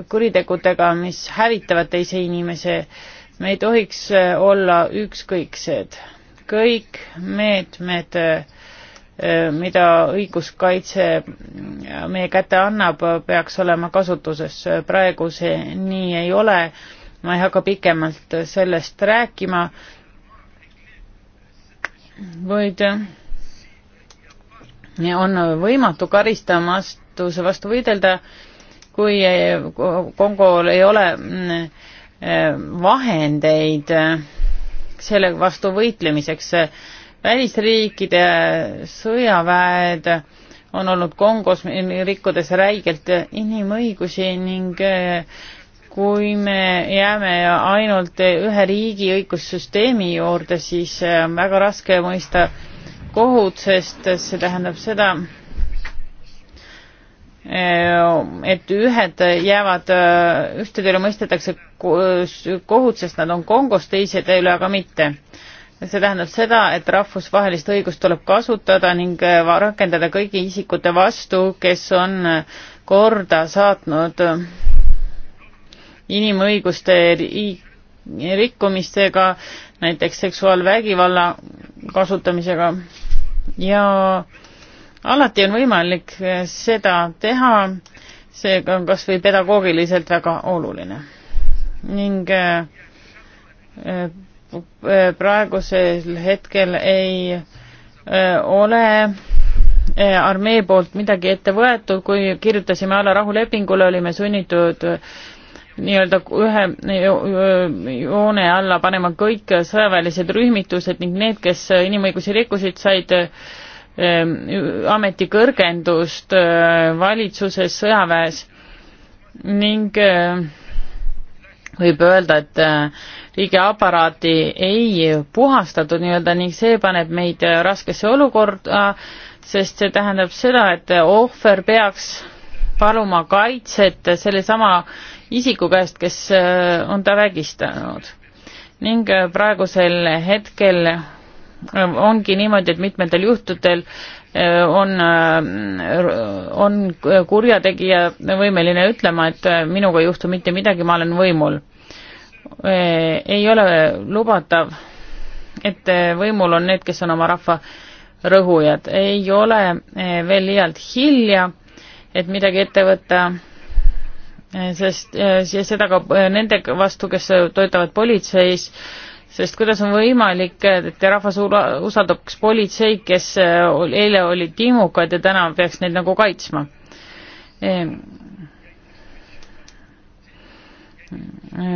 kuritegudega, mis hävitavad teise inimese. me ei tohiks äh, olla ükskõiksed. kõik meetmed meet, äh, meet Äh, mida õiguskaitse äh, meie kätte annab, äh, peaks olema kasutuses. praegu see nii ei ole, ma ei hakka pikemalt sellest rääkima, vaid on võimatu karistamastuse vastu võidelda, kui Kongol ei ole mm, vahendeid selle vastu võitlemiseks välisriikide sõjaväed on olnud Kongos, rikkudes räigelt inimõigusi ning eh, kui me jääme ainult ühe riigi õigussüsteemi juurde, siis eh, on väga raske mõista kohut, sest see tähendab seda, eh, et ühed jäävad, ühtede üle mõistetakse kohut, sest nad on Kongos, teised üle aga mitte see tähendab seda, et rahvusvahelist õigust tuleb kasutada ning äh, rakendada kõigi isikute vastu, kes on äh, korda saatnud äh, inimõiguste rikkumistega, näiteks seksuaalvägivalla kasutamisega ja alati on võimalik seda teha, seega on kas või pedagoogiliselt väga oluline. ning praegusel hetkel ei äh, ole äh, armee poolt midagi ette võetud, kui kirjutasime alla rahulepingule, olime sunnitud äh, nii-öelda ühe joone alla panema kõik sõjaväelised rühmitused ning need, kes inimõigusi rikkusid, said ametikõrgendust valitsuses, sõjaväes ning äh, võib öelda, et äh, riigiaparaati ei puhastatud nii-öelda ning see paneb meid äh, raskesse olukorda, sest see tähendab seda, et äh, ohver peaks paluma kaitset sellesama isiku käest, kes on ta vägistanud. ning praegusel hetkel ongi niimoodi, et mitmetel juhtudel äh, on, on kurjategija võimeline ütlema, et minuga ei juhtu mitte midagi, ma olen võimul. ei ole lubatav, et võimul on need, kes on oma rahva rõhujad, ei ole veel liialt hilja, et midagi ette võtta, sest ja seda ka nende vastu, kes töötavad politseis, sest kuidas on võimalik, et rahvas usaldaks politseid, kes äh, eile olid timukad ja täna peaks neid nagu kaitsma? Ehm.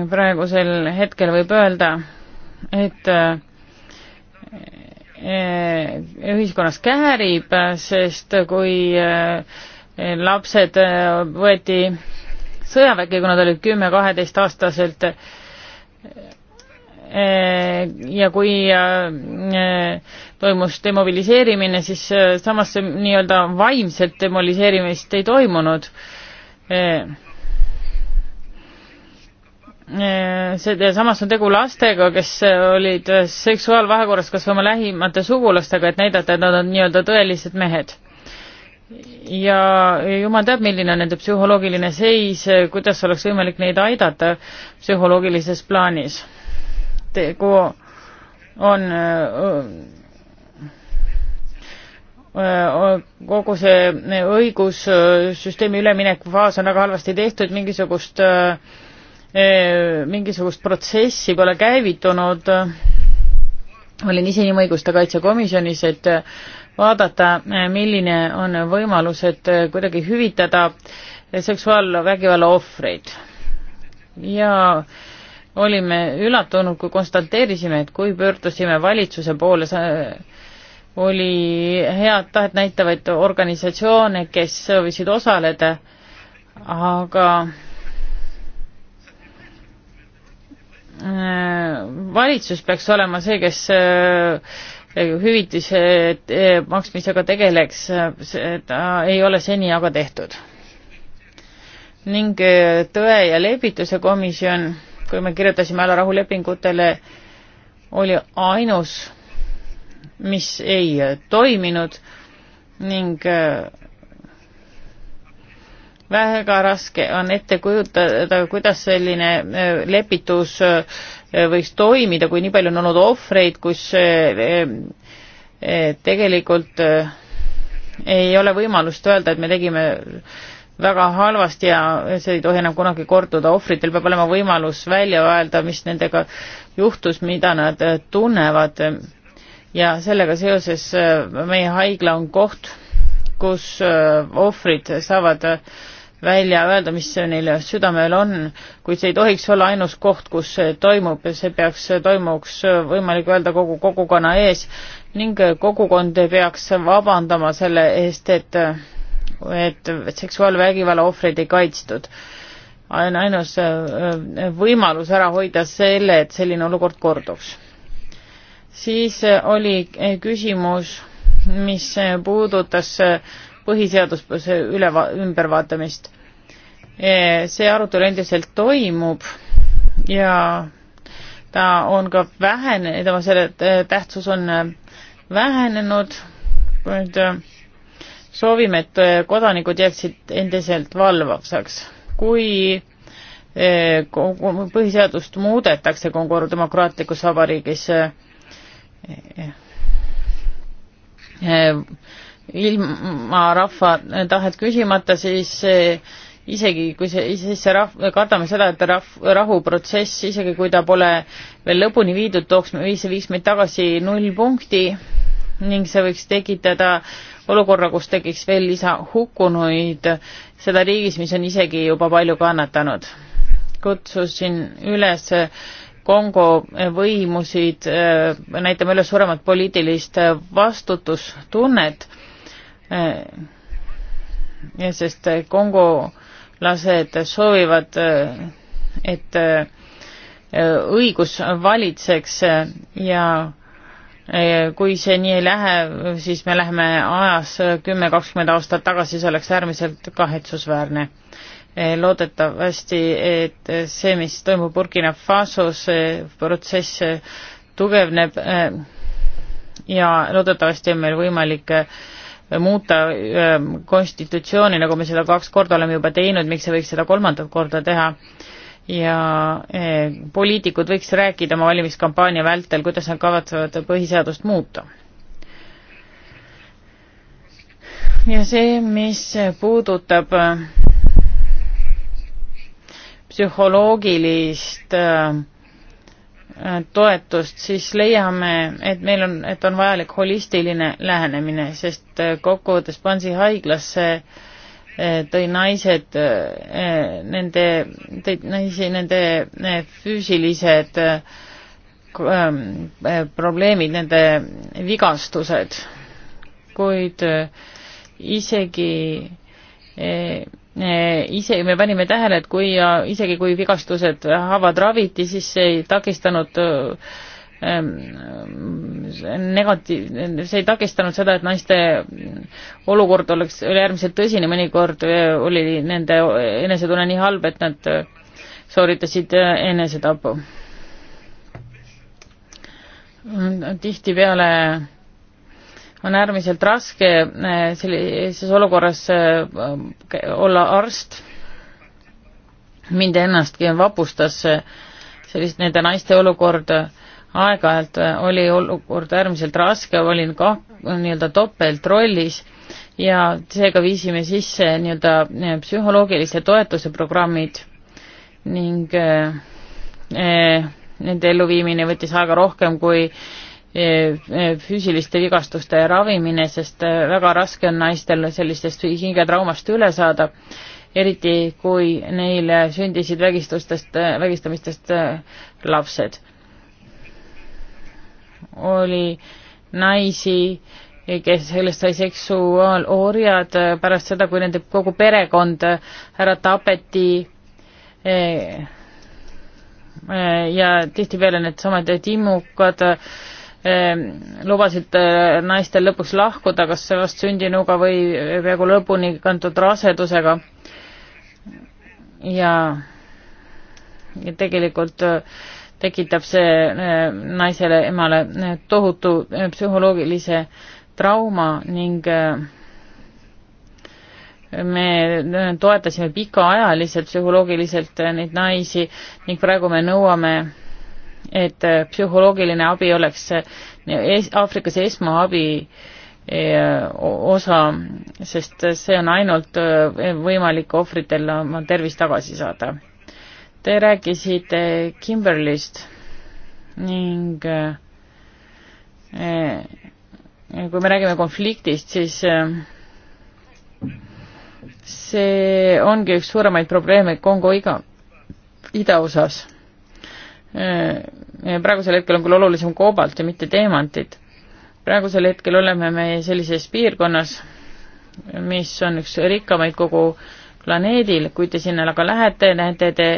praegusel hetkel võib öelda, et äh, äh, ühiskonnas käärib, sest kui lapsed võeti sõjaväkke, kui nad olid kümme-kaheteistaastaselt, Äh, ja kui äh, toimus demobiliseerimine, siis äh, samas nii-öelda vaimselt demoliseerimist ei toimunud. see, samas on tegu lastega, kes olid seksuaalvahekorras kas oma lähimate sugulastega, et näidata, et nad on nii-öelda tõelised mehed ja jumal teab, milline on nende psühholoogiline seis, kuidas oleks võimalik neid aidata psühholoogilises plaanis tegu on äh, kogu see õigussüsteemi ülemineku faas on väga halvasti tehtud, mingisugust, äh, mingisugust protsessi pole käivitunud. olin ise inimõiguste kaitsekomisjonis, et vaadata, milline on võimalus, et kuidagi hüvitada seksuaalvägivalla ohvreid. ja äh, olime üllatunud, kui konstateerisime, et kui pöördusime valitsuse poole, oli head tahet näitavaid organisatsioone, kes soovisid osaleda, aga äh, valitsus peaks olema see, kes äh, hüvitise äh, maksmisega tegeleks, seda ei ole seni aga tehtud. ning Tõe ja Leebituse komisjon kui me kirjutasime alla rahulepingutele, oli ainus, mis ei toiminud ning äh, väga raske on ette kujutada, kuidas selline äh, lepitus äh, võiks toimida, kui nii palju on olnud ohvreid, kus tegelikult ei ole võimalust öelda, et me tegime väga halvasti ja see ei tohi enam kunagi korduda, ohvritel peab olema võimalus välja öelda, mis nendega juhtus, mida nad äh, tunnevad ja sellega seoses äh, meie haigla on koht, kus äh, ohvrid saavad välja öelda, mis neil südamel on, kuid see ei tohiks olla ainus koht, kus see toimub ja see peaks, toimuks võimalik öelda kogu kogukonna ees ning kogukond peaks vabandama selle eest, et et seksuaalvägivalla ohvreid ei kaitstud. on ainus äh, äh, võimalus ära hoida selle, et selline olukord korduks. siis äh, oli küsimus, mis puudutas põhiseaduse üle, ümbervaatamist. see arutelu endiselt toimub ja ta on ka vähene, tema selle tähtsus on vähenenud, kuid soovime, et äh, kodanikud jääksid endiselt valvavaks. kui äh, põhiseadust muudetakse Kongo demokraatlikus vabariigis äh, ilma rahva tahet küsimata, siis isegi kui see, siis see rahv-, kardame seda, et rahv-, rahuprotsess, isegi kui ta pole veel lõpuni viidud, tooks, viis, viis meid tagasi nullpunkti ning see võiks tekitada olukorra, kus tekiks veel lisahukkunuid, seda riigis, mis on isegi juba palju kannatanud. kutsusin üles Kongo võimusid äh, näitama üles suuremat poliitilist vastutustunnet, äh, sest kongolased soovivad, äh, et õigus valitseks ja Eh, kui see nii ei lähe, siis me läheme ajas kümme, kakskümmend aastat tagasi, see oleks äärmiselt kahetsusväärne. Eh, loodetavasti, et see, mis toimub Burkina Fasos, protsess tugevneb eh, ja loodetavasti on meil võimalik muuta konstitutsiooni, nagu me seda kaks korda oleme juba teinud, miks ei võiks seda kolmandat korda teha ja eh, poliitikud võiks rääkida oma valimiskampaania vältel, kuidas nad kavatsevad põhiseadust muuta. ja see, mis puudutab eh, psühholoogilist eh, toetust, siis leiame, et meil on, et on vajalik holistiline lähenemine, sest kokkuvõttes Pansi haiglasse äh, tõi naised, nende, tõid naisi, nende füüsilised ähm, probleemid, nende vigastused, kuid äh, isegi äh, äh, ise, me panime tähele, et kui isegi, kui vigastused haavad raviti, siis see ei takistanud äh, Ehm, negatiiv, see ei takistanud seda, et naiste olukord oleks, oli äärmiselt tõsine, mõnikord eh, oli nende enesetunne nii halb, et nad eh, sooritasid eh, enesetapu. tihtipeale on äärmiselt raske sellises olukorras olla arst. mind ennastki vapustas sellist nende naiste olukorda aeg-ajalt äh, oli olukord äärmiselt raske, olin ka nii-öelda topeltrollis ja seega viisime sisse nii-öelda äh, psühholoogilise toetuse programmid ning äh, äh, nende elluviimine võttis aega rohkem kui füüsiliste vigastuste ravimine, sest väga raske on naistel sellistest hingetraumast üle saada, eriti kui neil sündisid vägistustest, vägistamistest lapsed oli naisi, kes sellest sai seksuaalorjad pärast seda, kui nende kogu perekond ära tapeti. ja tihtipeale needsamad timmukad ehm, lubasid eh, naistel lõpuks lahkuda kas vastsündinuga või peaaegu lõpuni kantud rasedusega. ja, ja tegelikult äh, tekitab see äh, naisele, emale äh, tohutu äh, psühholoogilise trauma ning me toetasime pikaajaliselt psühholoogiliselt neid naisi ning praegu me nõuame, et psühholoogiline abi oleks Aafrikas esmaabi osa, sest see on ainult võimalik ohvritel oma tervis tagasi saada Te rääkisite Kimberlist ning eh, kui me räägime konfliktist, siis eh, see ongi üks suuremaid probleeme Kongo iga, idaosas. Eh, praegusel hetkel on küll olulisem koobalt ja mitte teemantid. praegusel hetkel oleme me sellises piirkonnas, mis on üks rikkamaid kogu planeedil, kui te sinna aga lähete, näete te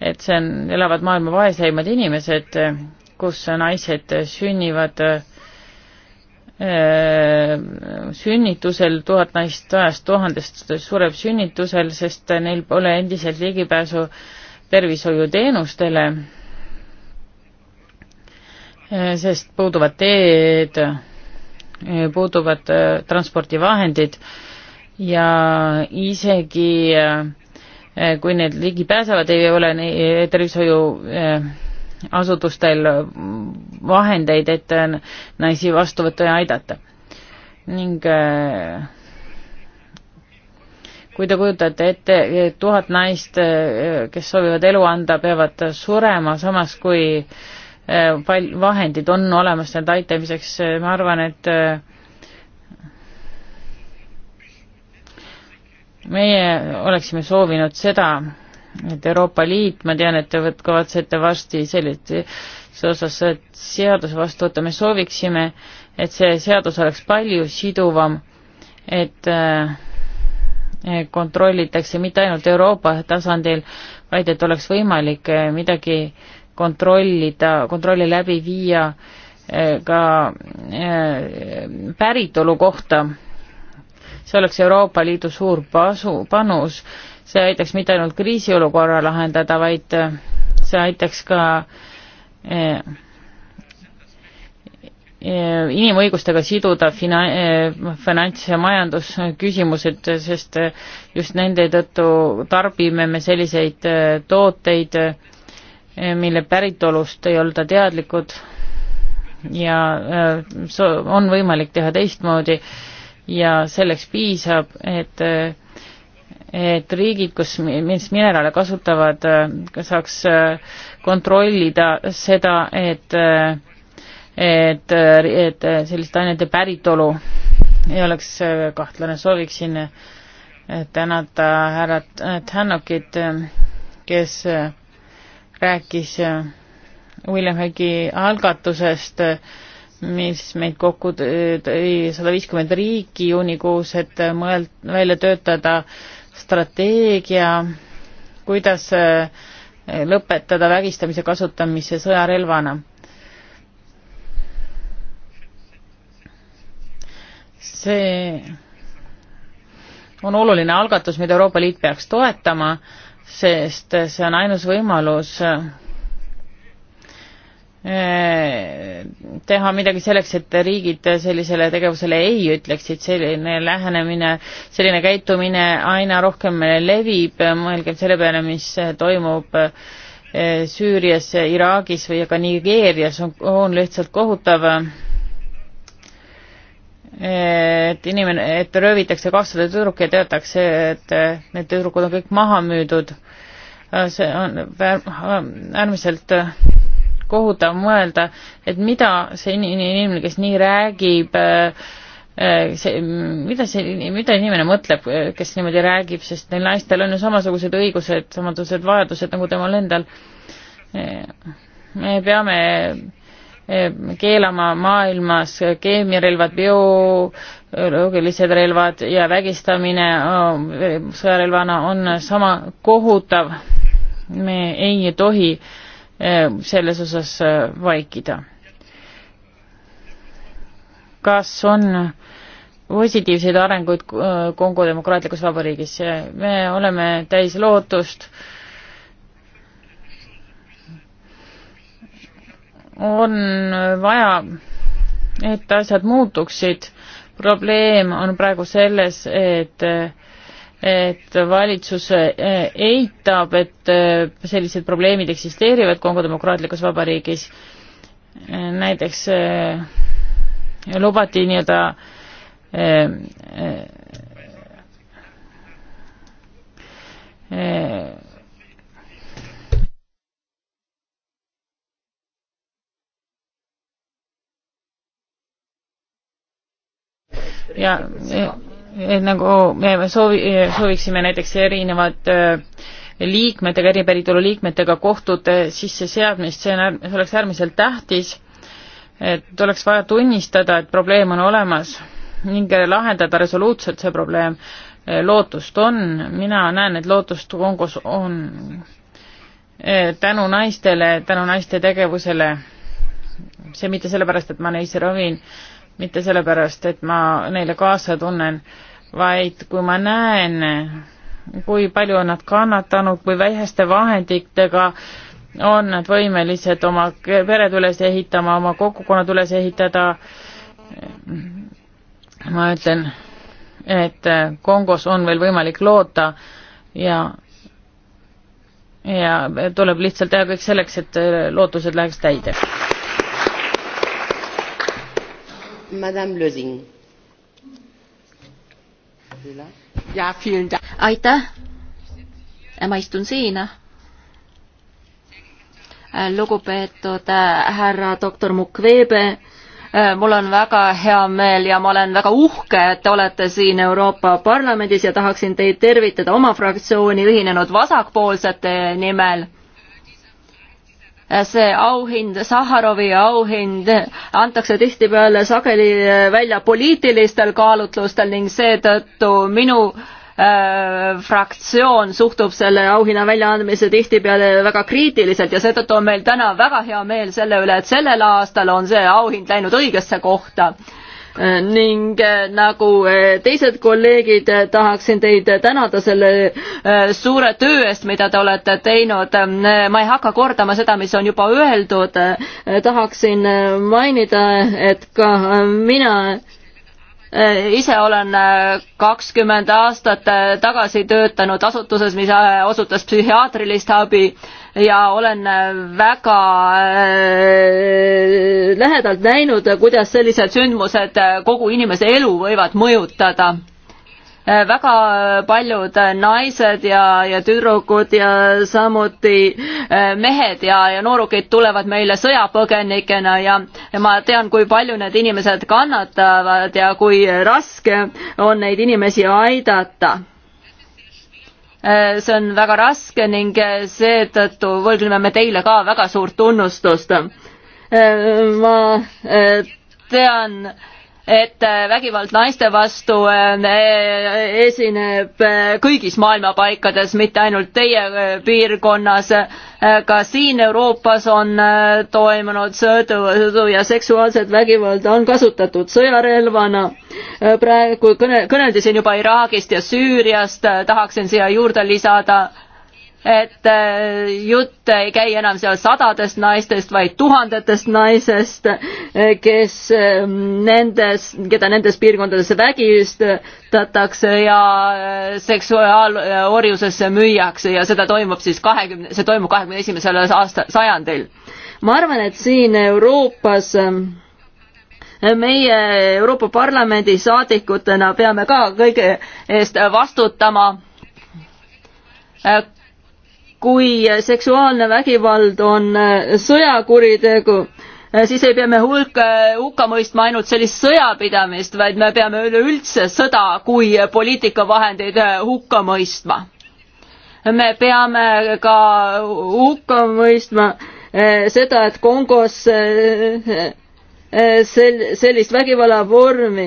et see on, elavad maailma vaeseimad inimesed, kus naised sünnivad äh, sünnitusel, tuhat naist sajast tuhandest sureb sünnitusel, sest neil pole endiselt ligipääsu tervishoiuteenustele, äh, sest puuduvad teed, äh, puuduvad transpordivahendid ja isegi äh, Eh, kui need ligi pääsevad, ei ole eh, tervishoiuasutustel eh, vahendeid, et naisi vastu võtta ja aidata. ning kui te kujutate ette, tuhat naist, kes soovivad elu anda, peavad surema, samas kui pal-, vahendid on olemas nende aitamiseks, ma arvan, et meie oleksime soovinud seda, et Euroopa Liit, ma tean, et te kavatsete varsti selles osas seaduse vastu võtta, me sooviksime, et see seadus oleks palju siduvam, et äh, kontrollitakse mitte ainult Euroopa tasandil, vaid et oleks võimalik äh, midagi kontrollida, kontrolli läbi viia äh, ka päritolu kohta see oleks Euroopa Liidu suur pasu, panus, see aitaks mitte ainult kriisiolukorra lahendada, vaid äh, see aitaks ka eh, eh, inimõigustega siduda fina- eh,, finants- ja majandusküsimused, sest just nende tõttu tarbime me selliseid tooteid, mille päritolust ei olda teadlikud ja on võimalik teha teistmoodi ja selleks piisab, et et riigid, kus, mis mineraale kasutavad, saaks kontrollida seda, et et, et selliste ainete päritolu ei oleks kahtlane. sooviksin tänada härra Tännokit, kes rääkis William Hagi algatusest äh, mis meid kokku tõi sada viiskümmend riiki juunikuus, et mõeld-, välja töötada strateegia, kuidas äh, lõpetada vägistamise kasutamise sõjarelvana. see on oluline algatus, mida Euroopa Liit peaks toetama, sest see on ainus võimalus äh, Eh, teha midagi selleks, et riigid sellisele tegevusele ei ütleksid, selline lähenemine, selline käitumine aina rohkem levib, mõelgem selle peale, mis toimub eh, Süürias, Iraagis või ka Nigeerias on, on lihtsalt kohutav, eh, et inimene, et röövitakse kakssada tüdrukut ja teatakse, et need tüdrukud on kõik maha müüdud. Ah, see on äärmiselt väär, kohutav mõelda, et mida see inimene, kes nii räägib, äh, see, mida see, mida inimene mõtleb, kes niimoodi räägib, sest neil naistel on ju samasugused õigused, samasugused vajadused nagu temal endal. me peame äh, keelama maailmas keemiarelvad, bioloogilised relvad ja vägistamine äh, sõjarelvana on sama kohutav. me ei tohi äh, Ehm, selles osas äh, vaikida. kas on positiivseid arenguid äh, Kongo demokraatlikus vabariigis? me oleme täis lootust. on vaja, et asjad muutuksid. probleem on praegu selles, et äh, et valitsus eh, eitab, et eh, sellised probleemid eksisteerivad Kongo demokraatlikus vabariigis. Eh, näiteks lubati nii-öelda ja nagu me soovi, sooviksime näiteks erinevad äh, liikmetega, eripäritolu liikmetega kohtute sisseseadmist, see on äär,, see oleks äärmiselt tähtis, et oleks vaja tunnistada, et probleem on olemas ning lahendada resoluutselt see probleem. Äh, lootust on, mina näen, et lootust Kongos on äh, tänu naistele, tänu naiste tegevusele, see mitte sellepärast, et ma neisse ravin, mitte sellepärast, et ma neile kaasa tunnen, vaid kui ma näen, kui palju on nad kannatanud, kui väheste vahenditega on nad võimelised oma pered üles ehitama, oma kogukonnad üles ehitada. ma ütlen, et Kongos on veel võimalik loota ja ja tuleb lihtsalt teha kõik selleks, et lootused läheks täide. Madame Lösing. aitäh. ma istun siin. lugupeetud äh, härra doktor Mukwebe äh, mul on väga hea meel ja ma olen väga uhke, et te olete siin Euroopa Parlamendis ja tahaksin teid tervitada oma fraktsiooni ühinenud vasakpoolsete nimel see auhind, Sahharovi auhind antakse tihtipeale sageli äh, välja poliitilistel kaalutlustel ning seetõttu minu äh, fraktsioon suhtub selle auhinna väljaandmise tihtipeale väga kriitiliselt ja seetõttu on meil täna väga hea meel selle üle, et sellel aastal on see auhind läinud õigesse kohta äh, ning äh, nagu äh, teised kolleegid, äh, tahaksin teid tänada selle suure töö eest, mida te olete teinud. ma ei hakka kordama seda, mis on juba öeldud. tahaksin mainida, et ka mina ise olen kakskümmend aastat tagasi töötanud asutuses, mis osutas psühhiaatrilist abi ja olen väga äh, lähedalt näinud, kuidas sellised sündmused kogu inimese elu võivad mõjutada äh, väga paljud naised ja, ja tüdrukud ja samuti äh, mehed ja, ja noorukid tulevad meile sõjapõgenikena ja, ja ma tean, kui palju need inimesed kannatavad ja kui raske on neid inimesi aidata Äh, see on väga raske ning äh, seetõttu võlgneme me teile ka väga suurt tunnustust. Äh, ma tean, et äh, vägivald naiste vastu äh, äh, esineb kõigis maailma paikades, mitte ainult teie piirkonnas. ka siin Euroopas on toimunud sõdu, sõdu ja seksuaalset vägivalda on kasutatud sõjarelvana. praegu kõne, kõneldi siin juba Iraagist ja Süüriast, tahaksin siia juurde lisada et äh, jutt ei käi enam seal sadadest naistest, vaid tuhandetest naisest, äh, kes ähm, nendes, keda nendes piirkondades vägistatakse ja äh, seksuaalorjusesse müüakse ja seda toimub siis kahekümne, see toimub kahekümne esimesel aasta, sajandil. ma arvan, et siin Euroopas ähm, meie Euroopa Parlamendi saadikutena peame ka kõige eest vastutama kui seksuaalne vägivald on äh, sõjakuritegu, äh, siis ei pea me hulka äh, hukka mõistma ainult sellist sõjapidamist, vaid me peame üleüldse sõda kui poliitikavahendeid hukka mõistma. me peame ka hukka mõistma seda, et Kongos sel-, sellist vägivallavormi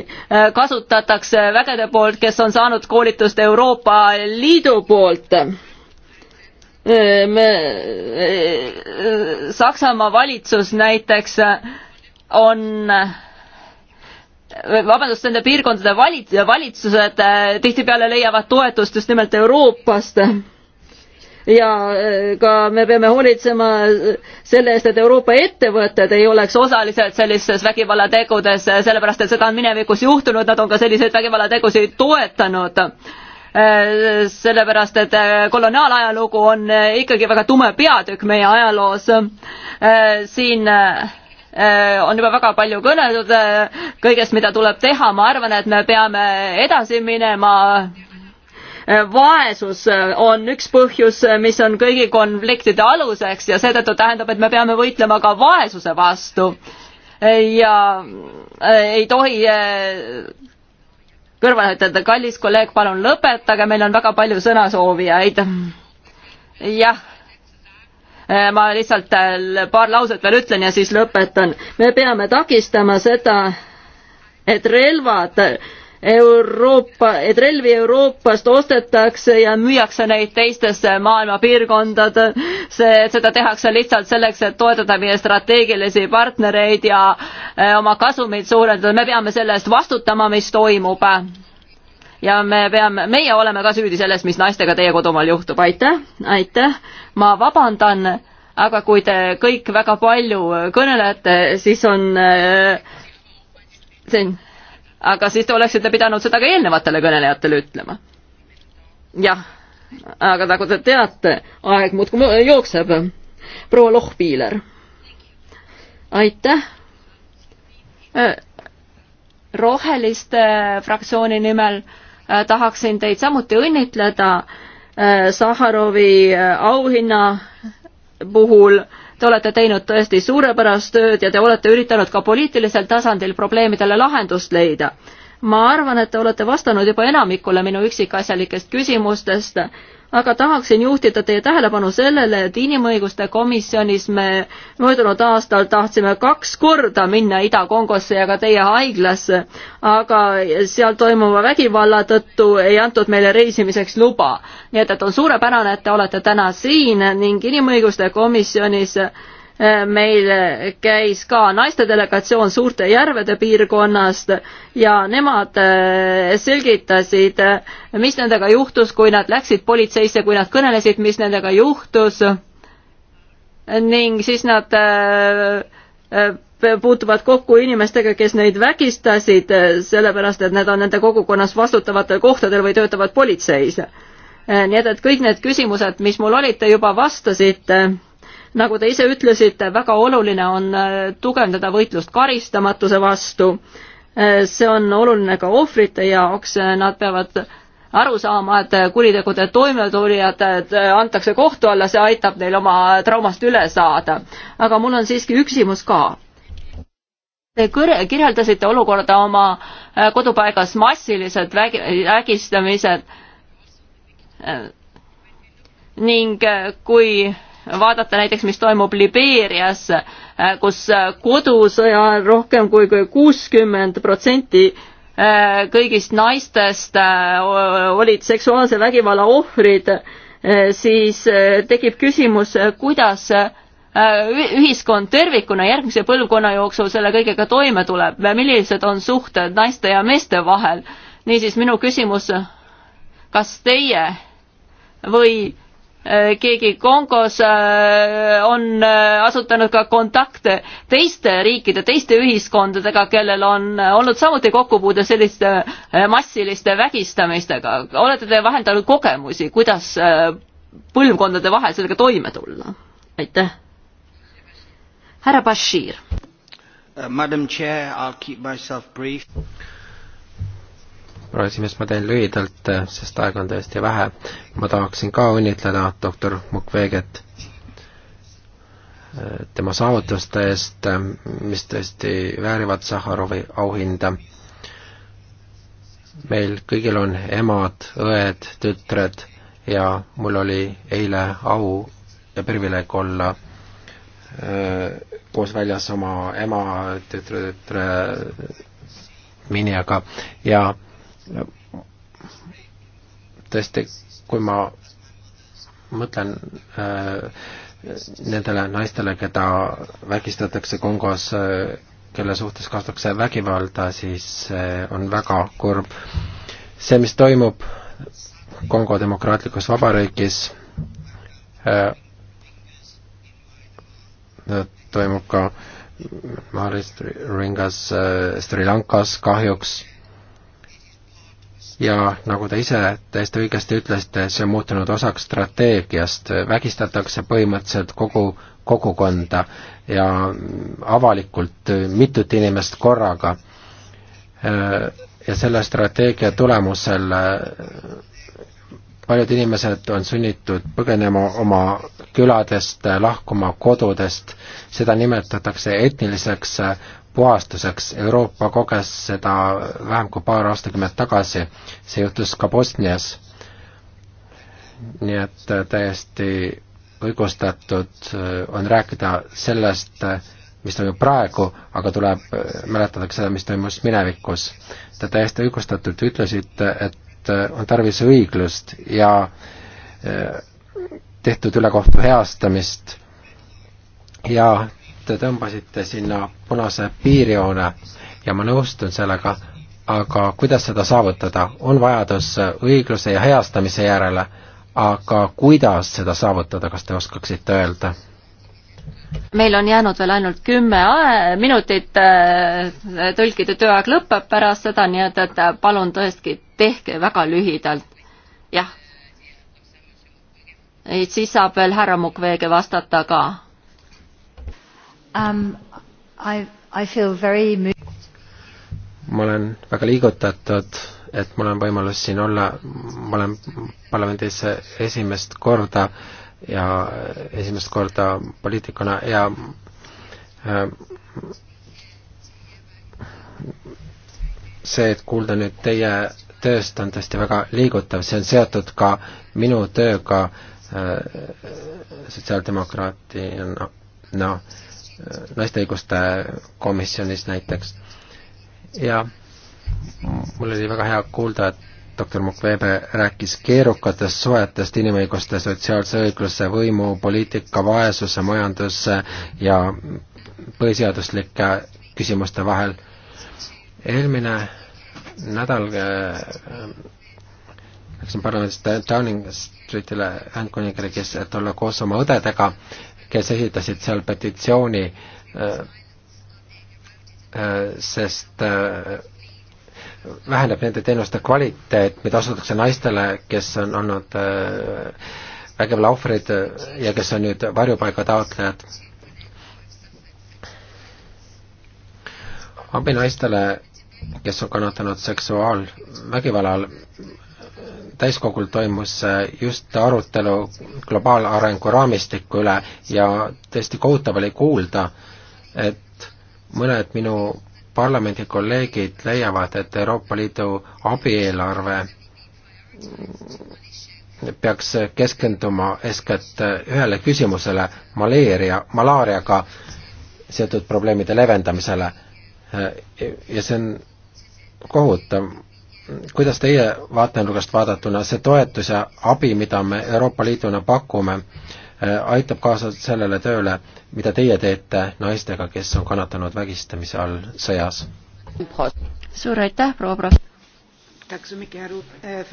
kasutatakse vägede poolt, kes on saanud koolitust Euroopa Liidu poolt me, e, e, Saksamaa valitsus näiteks on vabandust, nende piirkondade valit-, valitsused e, tihtipeale leiavad toetust just nimelt Euroopast. ja ka me peame hoolitsema selle eest, et Euroopa ettevõtted ei oleks osalised sellistes vägivallategudes, sellepärast et seda on minevikus juhtunud, nad on ka selliseid vägivallategusid toetanud Äh, sellepärast et äh, koloniaalajalugu on äh, ikkagi väga tume peatükk meie ajaloos. siin on juba väga palju kõneldud kõigest, mida tuleb teha, ma arvan, et me peame edasi minema. vaesus on üks põhjus, mis on kõigi konfliktide aluseks ja seetõttu tähendab, et me peame võitlema ka vaesuse vastu ja ei tohi kõrvale ütelda, kallis kolleeg, palun lõpetage, meil on väga palju sõnasoovijaid. jah, äh, ma lihtsalt äh, paar lauset veel ütlen ja siis lõpetan. me peame takistama seda, et relvad Euroopa, et relvi Euroopast ostetakse ja müüakse neid teistesse maailma piirkondadesse, et seda tehakse lihtsalt selleks, et toetada meie strateegilisi partnereid ja eh, oma kasumeid suurendada, me peame selle eest vastutama, mis toimub. ja me peame, meie oleme ka süüdi selles, mis naistega teie kodumaal juhtub, aitäh, aitäh, ma vabandan, aga kui te kõik väga palju kõnelete, siis on eh, see on aga siis te oleksite pidanud seda ka eelnevatele kõnelejatele ütlema. jah, aga nagu te teate, aeg muudkui jookseb. proua Lohpiiler. aitäh. roheliste fraktsiooni nimel tahaksin teid samuti õnnitleda Saharovi auhinna puhul Te olete teinud tõesti suurepärast tööd ja te olete üritanud ka poliitilisel tasandil probleemidele lahendust leida. ma arvan, et te olete vastanud juba enamikule minu üksikasjalikest küsimustest aga tahaksin juhtida teie tähelepanu sellele, et Inimõiguste Komisjonis me möödunud aastal tahtsime kaks korda minna Ida-Kongosse ja ka teie haiglasse, aga seal toimuva vägivalla tõttu ei antud meile reisimiseks luba. nii et, et on suurepärane, et te olete täna siin ning Inimõiguste Komisjonis meil käis ka naiste delegatsioon suurte järvede piirkonnast ja nemad äh, selgitasid, äh, mis nendega juhtus, kui nad läksid politseisse, kui nad kõnelesid, mis nendega juhtus. ning siis nad äh, puutuvad kokku inimestega, kes neid vägistasid, sellepärast et need on nende kogukonnas vastutavatel kohtadel või töötavad politseis. nii et, et kõik need küsimused, mis mul olid, te juba vastasite nagu te ise ütlesite, väga oluline on äh, tugevdada võitlust karistamatuse vastu. Äh, see on oluline ka ohvrite jaoks, äh, nad peavad aru saama, et kuritegude toimetulijad antakse kohtu alla, see aitab neil oma traumast üle saada. aga mul on siiski küsimus ka. Te kirjeldasite olukorda oma kodupaigas massilised vägi, ägistamised ning kui vaadata näiteks, mis toimub Libeerias, kus kodusõja ajal rohkem kui kuuskümmend protsenti äh, kõigist naistest äh, olid seksuaalse vägivalla ohvrid, äh, siis tekib küsimus, kuidas ühiskond tervikuna järgmise põlvkonna jooksul selle kõigega toime tuleb, millised on suhted naiste ja meeste vahel. niisiis minu küsimus, kas teie või Äh, keegi Kongos äh, on äh, asutanud ka kontakte teiste riikide, teiste ühiskondadega, kellel on olnud samuti kokkupuude selliste massiliste vägistamistega. olete te vahendanud kogemusi, kuidas põlvkondade vahel sellega toime tulla? aitäh. härra Bashir. Uh, Madam Chair, I will keep myself brief proua esimees, ma teen lühidalt, eh, sest aega on tõesti vähe. ma tahaksin ka õnnitleda doktor Mukweget eh, tema saavutuste eest, eh, mis tõesti väärivad Sahharovi auhinda. meil kõigil on emad, õed, tütred ja mul oli eile au ja privileeg olla koos väljas oma ema, tütre, tütre Miniaga ja tõesti, kui ma mõtlen äh, nendele naistele, keda vägistatakse Kongos äh,, kelle suhtes kasutatakse vägivalda, siis äh, on väga kurb. see, mis toimub Kongo demokraatlikus vabariigis äh,, toimub ka Maris Ringas äh, Sri Lankas kahjuks ja nagu te ise täiesti õigesti ütlesite, see on muutunud osaks strateegiast, vägistatakse põhimõtteliselt kogu kogukonda ja avalikult mitut inimest korraga. ja selle strateegia tulemusel paljud inimesed on sunnitud põgenema oma küladest, lahkuma kodudest, seda nimetatakse etniliseks puhastuseks. Euroopa koges seda vähem kui paar aastakümmet tagasi, see juhtus ka Bosnias. nii et äh, täiesti õigustatud äh, on rääkida sellest, äh, mis toimub praegu, aga tuleb mäletada ka seda, mis toimus minevikus. Te täiesti õigustatult ütlesite, et on tarvis õiglust ja tehtud ülekohtu heastamist ja te tõmbasite sinna punase piirjoone ja ma nõustun sellega, aga kuidas seda saavutada, on vajadus õigluse ja heastamise järele, aga kuidas seda saavutada, kas te oskaksite öelda? meil on jäänud veel ainult kümme minutit, äh, tõlkide tööaeg lõpeb pärast seda, nii et, et äh, palun tõesti, tehke väga lühidalt. jah. siis saab veel härra Mukwege vastata ka um,. I, I feel very moved. ma olen väga liigutatud, et mul on võimalus siin olla, ma olen parlamendis esimest korda ja esimest korda poliitikuna ja ähm, see, et kuulda nüüd teie tööst, on tõesti väga liigutav, see on seotud ka minu tööga äh, sotsiaaldemokraatina no, no naiste õiguste komisjonis näiteks. ja mul oli väga hea kuulda, et doktor Mukwebe rääkis keerukatest suhetest inimõiguste, sotsiaalse õigluse, võimu, poliitika, vaesuse, majanduse ja põhiseaduslike küsimuste vahel. eelmine nädal äh, läksin parlamendist Downing Streetile Ühendkuningriigis, et olla koos oma õdedega kes esitasid seal petitsiooni, äh, äh, sest äh, väheneb nende teenuste kvaliteet, mida osutatakse naistele, kes on olnud vägivalla ohvrid ja kes on nüüd varjupaiga taotlejad. abi naistele, kes on kannatanud seksuaalvägivalla all, täiskogul toimus äh, just arutelu globaalarengu raamistiku üle ja tõesti kohutav oli kuulda, et mõned minu parlamendi kolleegid leiavad, et Euroopa Liidu abieelarve peaks keskenduma eeskätt ühele küsimusele, maleeria, malaariaga seotud probleemide leevendamisele. Äh, ja see on kohutav, kuidas teie vaatenurgast vaadatuna see toetus ja abi, mida me Euroopa Liiduna pakume, äh, aitab kaasa sellele tööle, mida teie teete naistega, kes on kannatanud vägistamise all sõjas? suur aitäh, proua Prost-. Eh,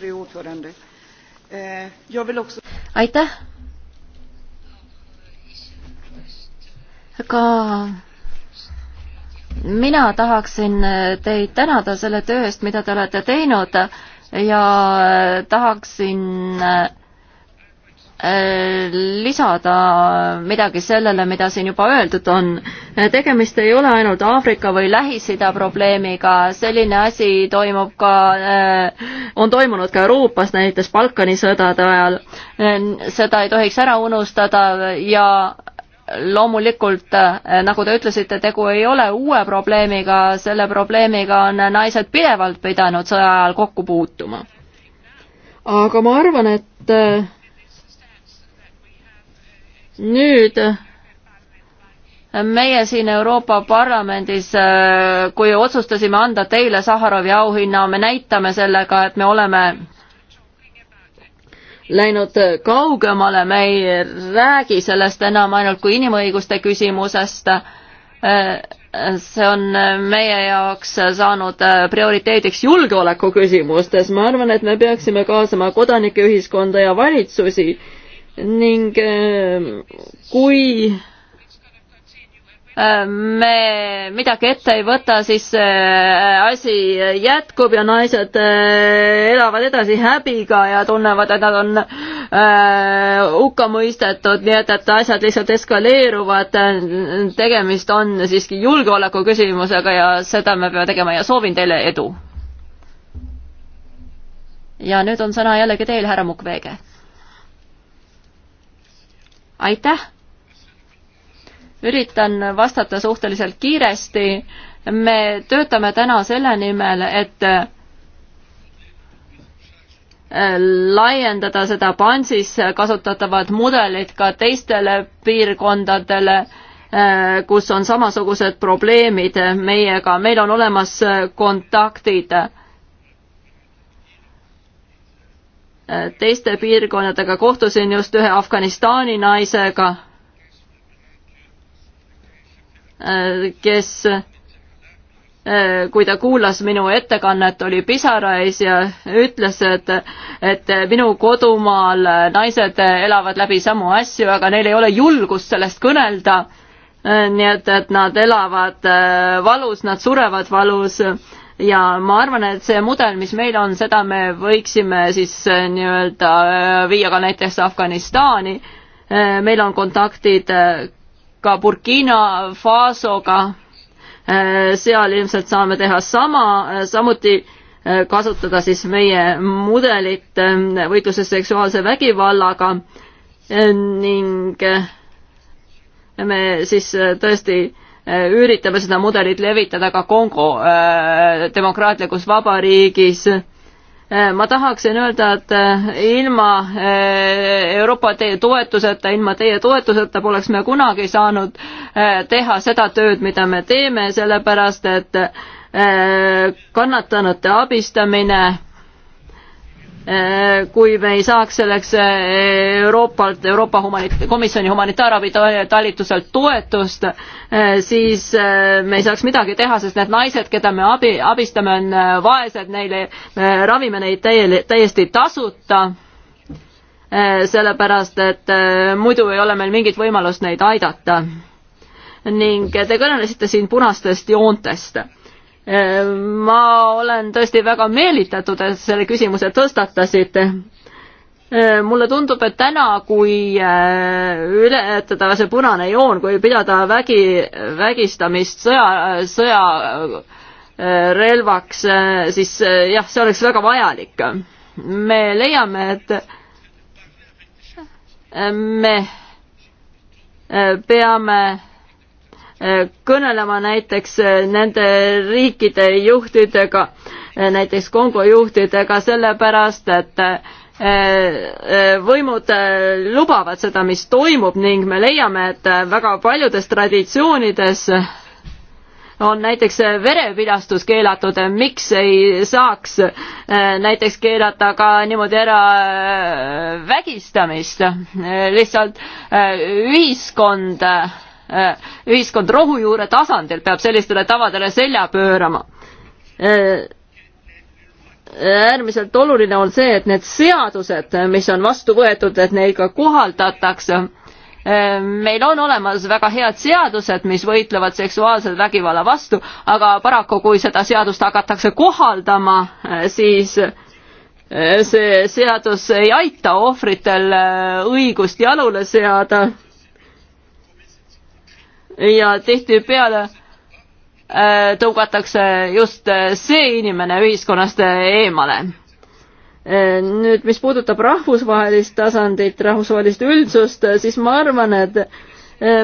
eh, aitäh. ka mina tahaksin teid tänada selle töö eest, mida te olete teinud ja tahaksin äh, lisada midagi sellele, mida siin juba öeldud on. tegemist ei ole ainult Aafrika või Lähis-Ida probleemiga, selline asi toimub ka, äh, on toimunud ka Euroopas näiteks Balkani sõdade ajal. Äh, seda ei tohiks ära unustada ja loomulikult, eh, nagu te ütlesite, tegu ei ole uue probleemiga, selle probleemiga on naised pidevalt pidanud sõja ajal kokku puutuma. aga ma arvan, et eh, nüüd eh, meie siin Euroopa Parlamendis, kui otsustasime anda teile Saharovi auhinna, me näitame sellega, et me oleme läinud kaugemale, me ei räägi sellest enam ainult kui inimõiguste küsimusest. see on meie jaoks saanud prioriteediks julgeoleku küsimustes. ma arvan, et me peaksime kaasama kodanikeühiskonda ja valitsusi ning kui me midagi ette ei võta, siis äh, asi jätkub ja naised äh, elavad edasi häbiga ja tunnevad, et nad on äh, hukka mõistetud, nii et, et asjad lihtsalt eskaleeruvad. tegemist on siiski julgeoleku küsimusega ja seda me peame tegema ja soovin teile edu. ja nüüd on sõna jällegi teil, härra Mukwege. aitäh üritan vastata suhteliselt kiiresti. me töötame täna selle nimel, et äh, laiendada seda Pansis kasutatavat mudelit ka teistele piirkondadele, äh, kus on samasugused probleemid meiega, meil on olemas äh, kontaktid teiste piirkondadega, kohtusin just ühe Afganistani naisega Äh, kes, äh, kui ta kuulas minu ettekannet, oli pisarais ja ütles, et, et minu kodumaal naised elavad läbi samu asju, aga neil ei ole julgust sellest kõnelda. Äh, nii et, et nad elavad valus, nad surevad valus ja ma arvan, et see mudel, mis meil on, seda me võiksime siis nii-öelda viia ka näiteks Afganistani. meil on kontaktid ka Burkina Fasoga. Äh, seal ilmselt saame teha sama, äh, samuti äh, kasutada siis meie mudelit võitluses seksuaalse vägivallaga ning me siis tõesti üritame seda mudelit levitada ka Kongo demokraatlikus vabariigis Äh, ma tahaksin öelda, et äh, ilma äh, Euroopa teie toetuseta, ilma teie toetuseta poleks me kunagi saanud teha seda tööd, mida me teeme, sellepärast et kannatanute abistamine Äh, kui me ei saaks selleks äh, Euroopalt, Euroopa humanit-, komisjoni humanitaarabi talituselt toetust, äh, siis me ei saaks midagi teha, sest need naised, keda me abi, abistame, on vaesed, neile, me ravime neid täie-, täiesti tasuta, sellepärast et muidu ei ole meil mingit võimalust neid aidata. ning te kõnelesite siin punastest joontest ma olen tõesti väga meelitatud, et selle küsimuse tõstatasite. mulle tundub, et täna, kui äh, ületada see punane joon, kui pidada vägi, vägistamist sõja, sõjarelvaks, äh, äh, siis jah, see oleks väga vajalik. me leiame, et me peame Äh, kõnelema näiteks äh, nende riikide juhtidega, äh, näiteks Kongo juhtidega, sellepärast et võimud lubavad seda, mis toimub ning me leiame, et väga paljudes traditsioonides on näiteks verepilastus keelatud, miks ei saaks näiteks keelata ka niimoodi ära vägistamist, lihtsalt ühiskond Äh, ühiskond rohujuure tasandil peab sellistele tavadele selja pöörama. Äh, äärmiselt oluline on see, et need seadused, mis on vastu võetud, et neid ka kohaldatakse äh, meil on olemas väga head seadused, mis võitlevad seksuaalse vägivalla vastu, aga paraku, kui seda seadust hakatakse kohaldama, siis see seadus ei aita ohvritel õigust jalule seada ja tihtipeale äh, tõugatakse just äh, see inimene ühiskonnast äh, eemale. nüüd, mis puudutab rahvusvahelist tasandit, rahvusvahelist üldsust, siis ma arvan, et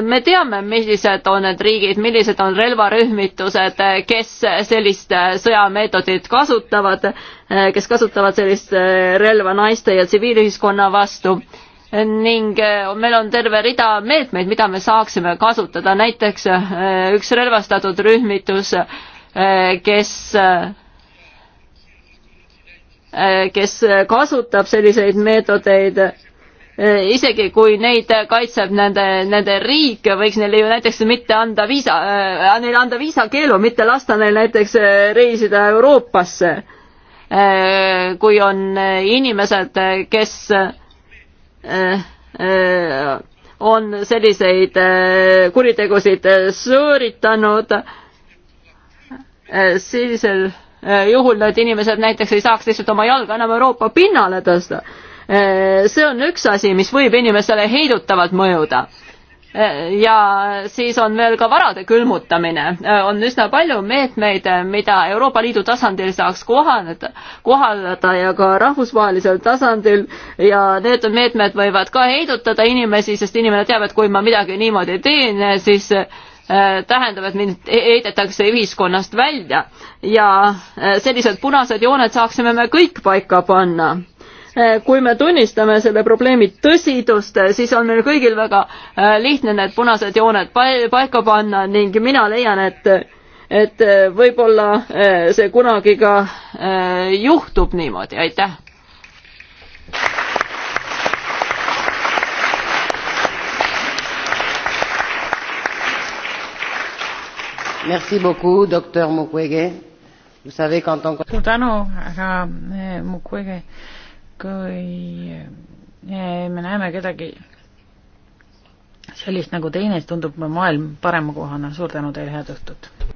me teame, millised on need riigid, millised on relvarühmitused, kes sellist sõjameetodit kasutavad, kes kasutavad sellist relva naiste ja tsiviilühiskonna vastu ning eh, meil on terve rida meetmeid, mida me saaksime kasutada, näiteks eh, üks relvastatud rühmitus, eh, kes kes kasutab selliseid meetodeid, isegi kui neid kaitseb nende, nende riik, võiks neile ju näiteks mitte anda viisa, neile anda viisakeelu, mitte lasta neil näiteks reisida Euroopasse. kui on inimesed, kes Eh, eh, on selliseid eh, kuritegusid sooritanud, sellisel juhul need inimesed näiteks ei saaks lihtsalt oma jalga enam Euroopa pinnale tõsta. see on üks asi, mis võib inimesele heidutavalt mõjuda ja siis on veel ka varade külmutamine. on üsna palju meetmeid, mida Euroopa Liidu tasandil saaks kohaneda, kohaldada ja ka rahvusvahelisel tasandil ja need meetmed võivad ka heidutada inimesi, sest inimene teab, et kui ma midagi niimoodi teen, siis äh, tähendab, et mind heidetakse ühiskonnast välja ja äh, sellised punased jooned saaksime me kõik paika panna Eh, kui me tunnistame selle probleemi tõsidust, eh, siis on meil kõigil väga eh, lihtne need punased jooned paika panna ning mina leian, et et võib-olla see kunagi ka juhtub niimoodi, aitäh. Merci beaucoup, doktor Mukwege. Vous savez, quand on... suur tänu, härra Mukwege kui eh, me näeme kedagi sellist nagu teine, siis tundub maailm parema kohana. suur tänu teile, head õhtut!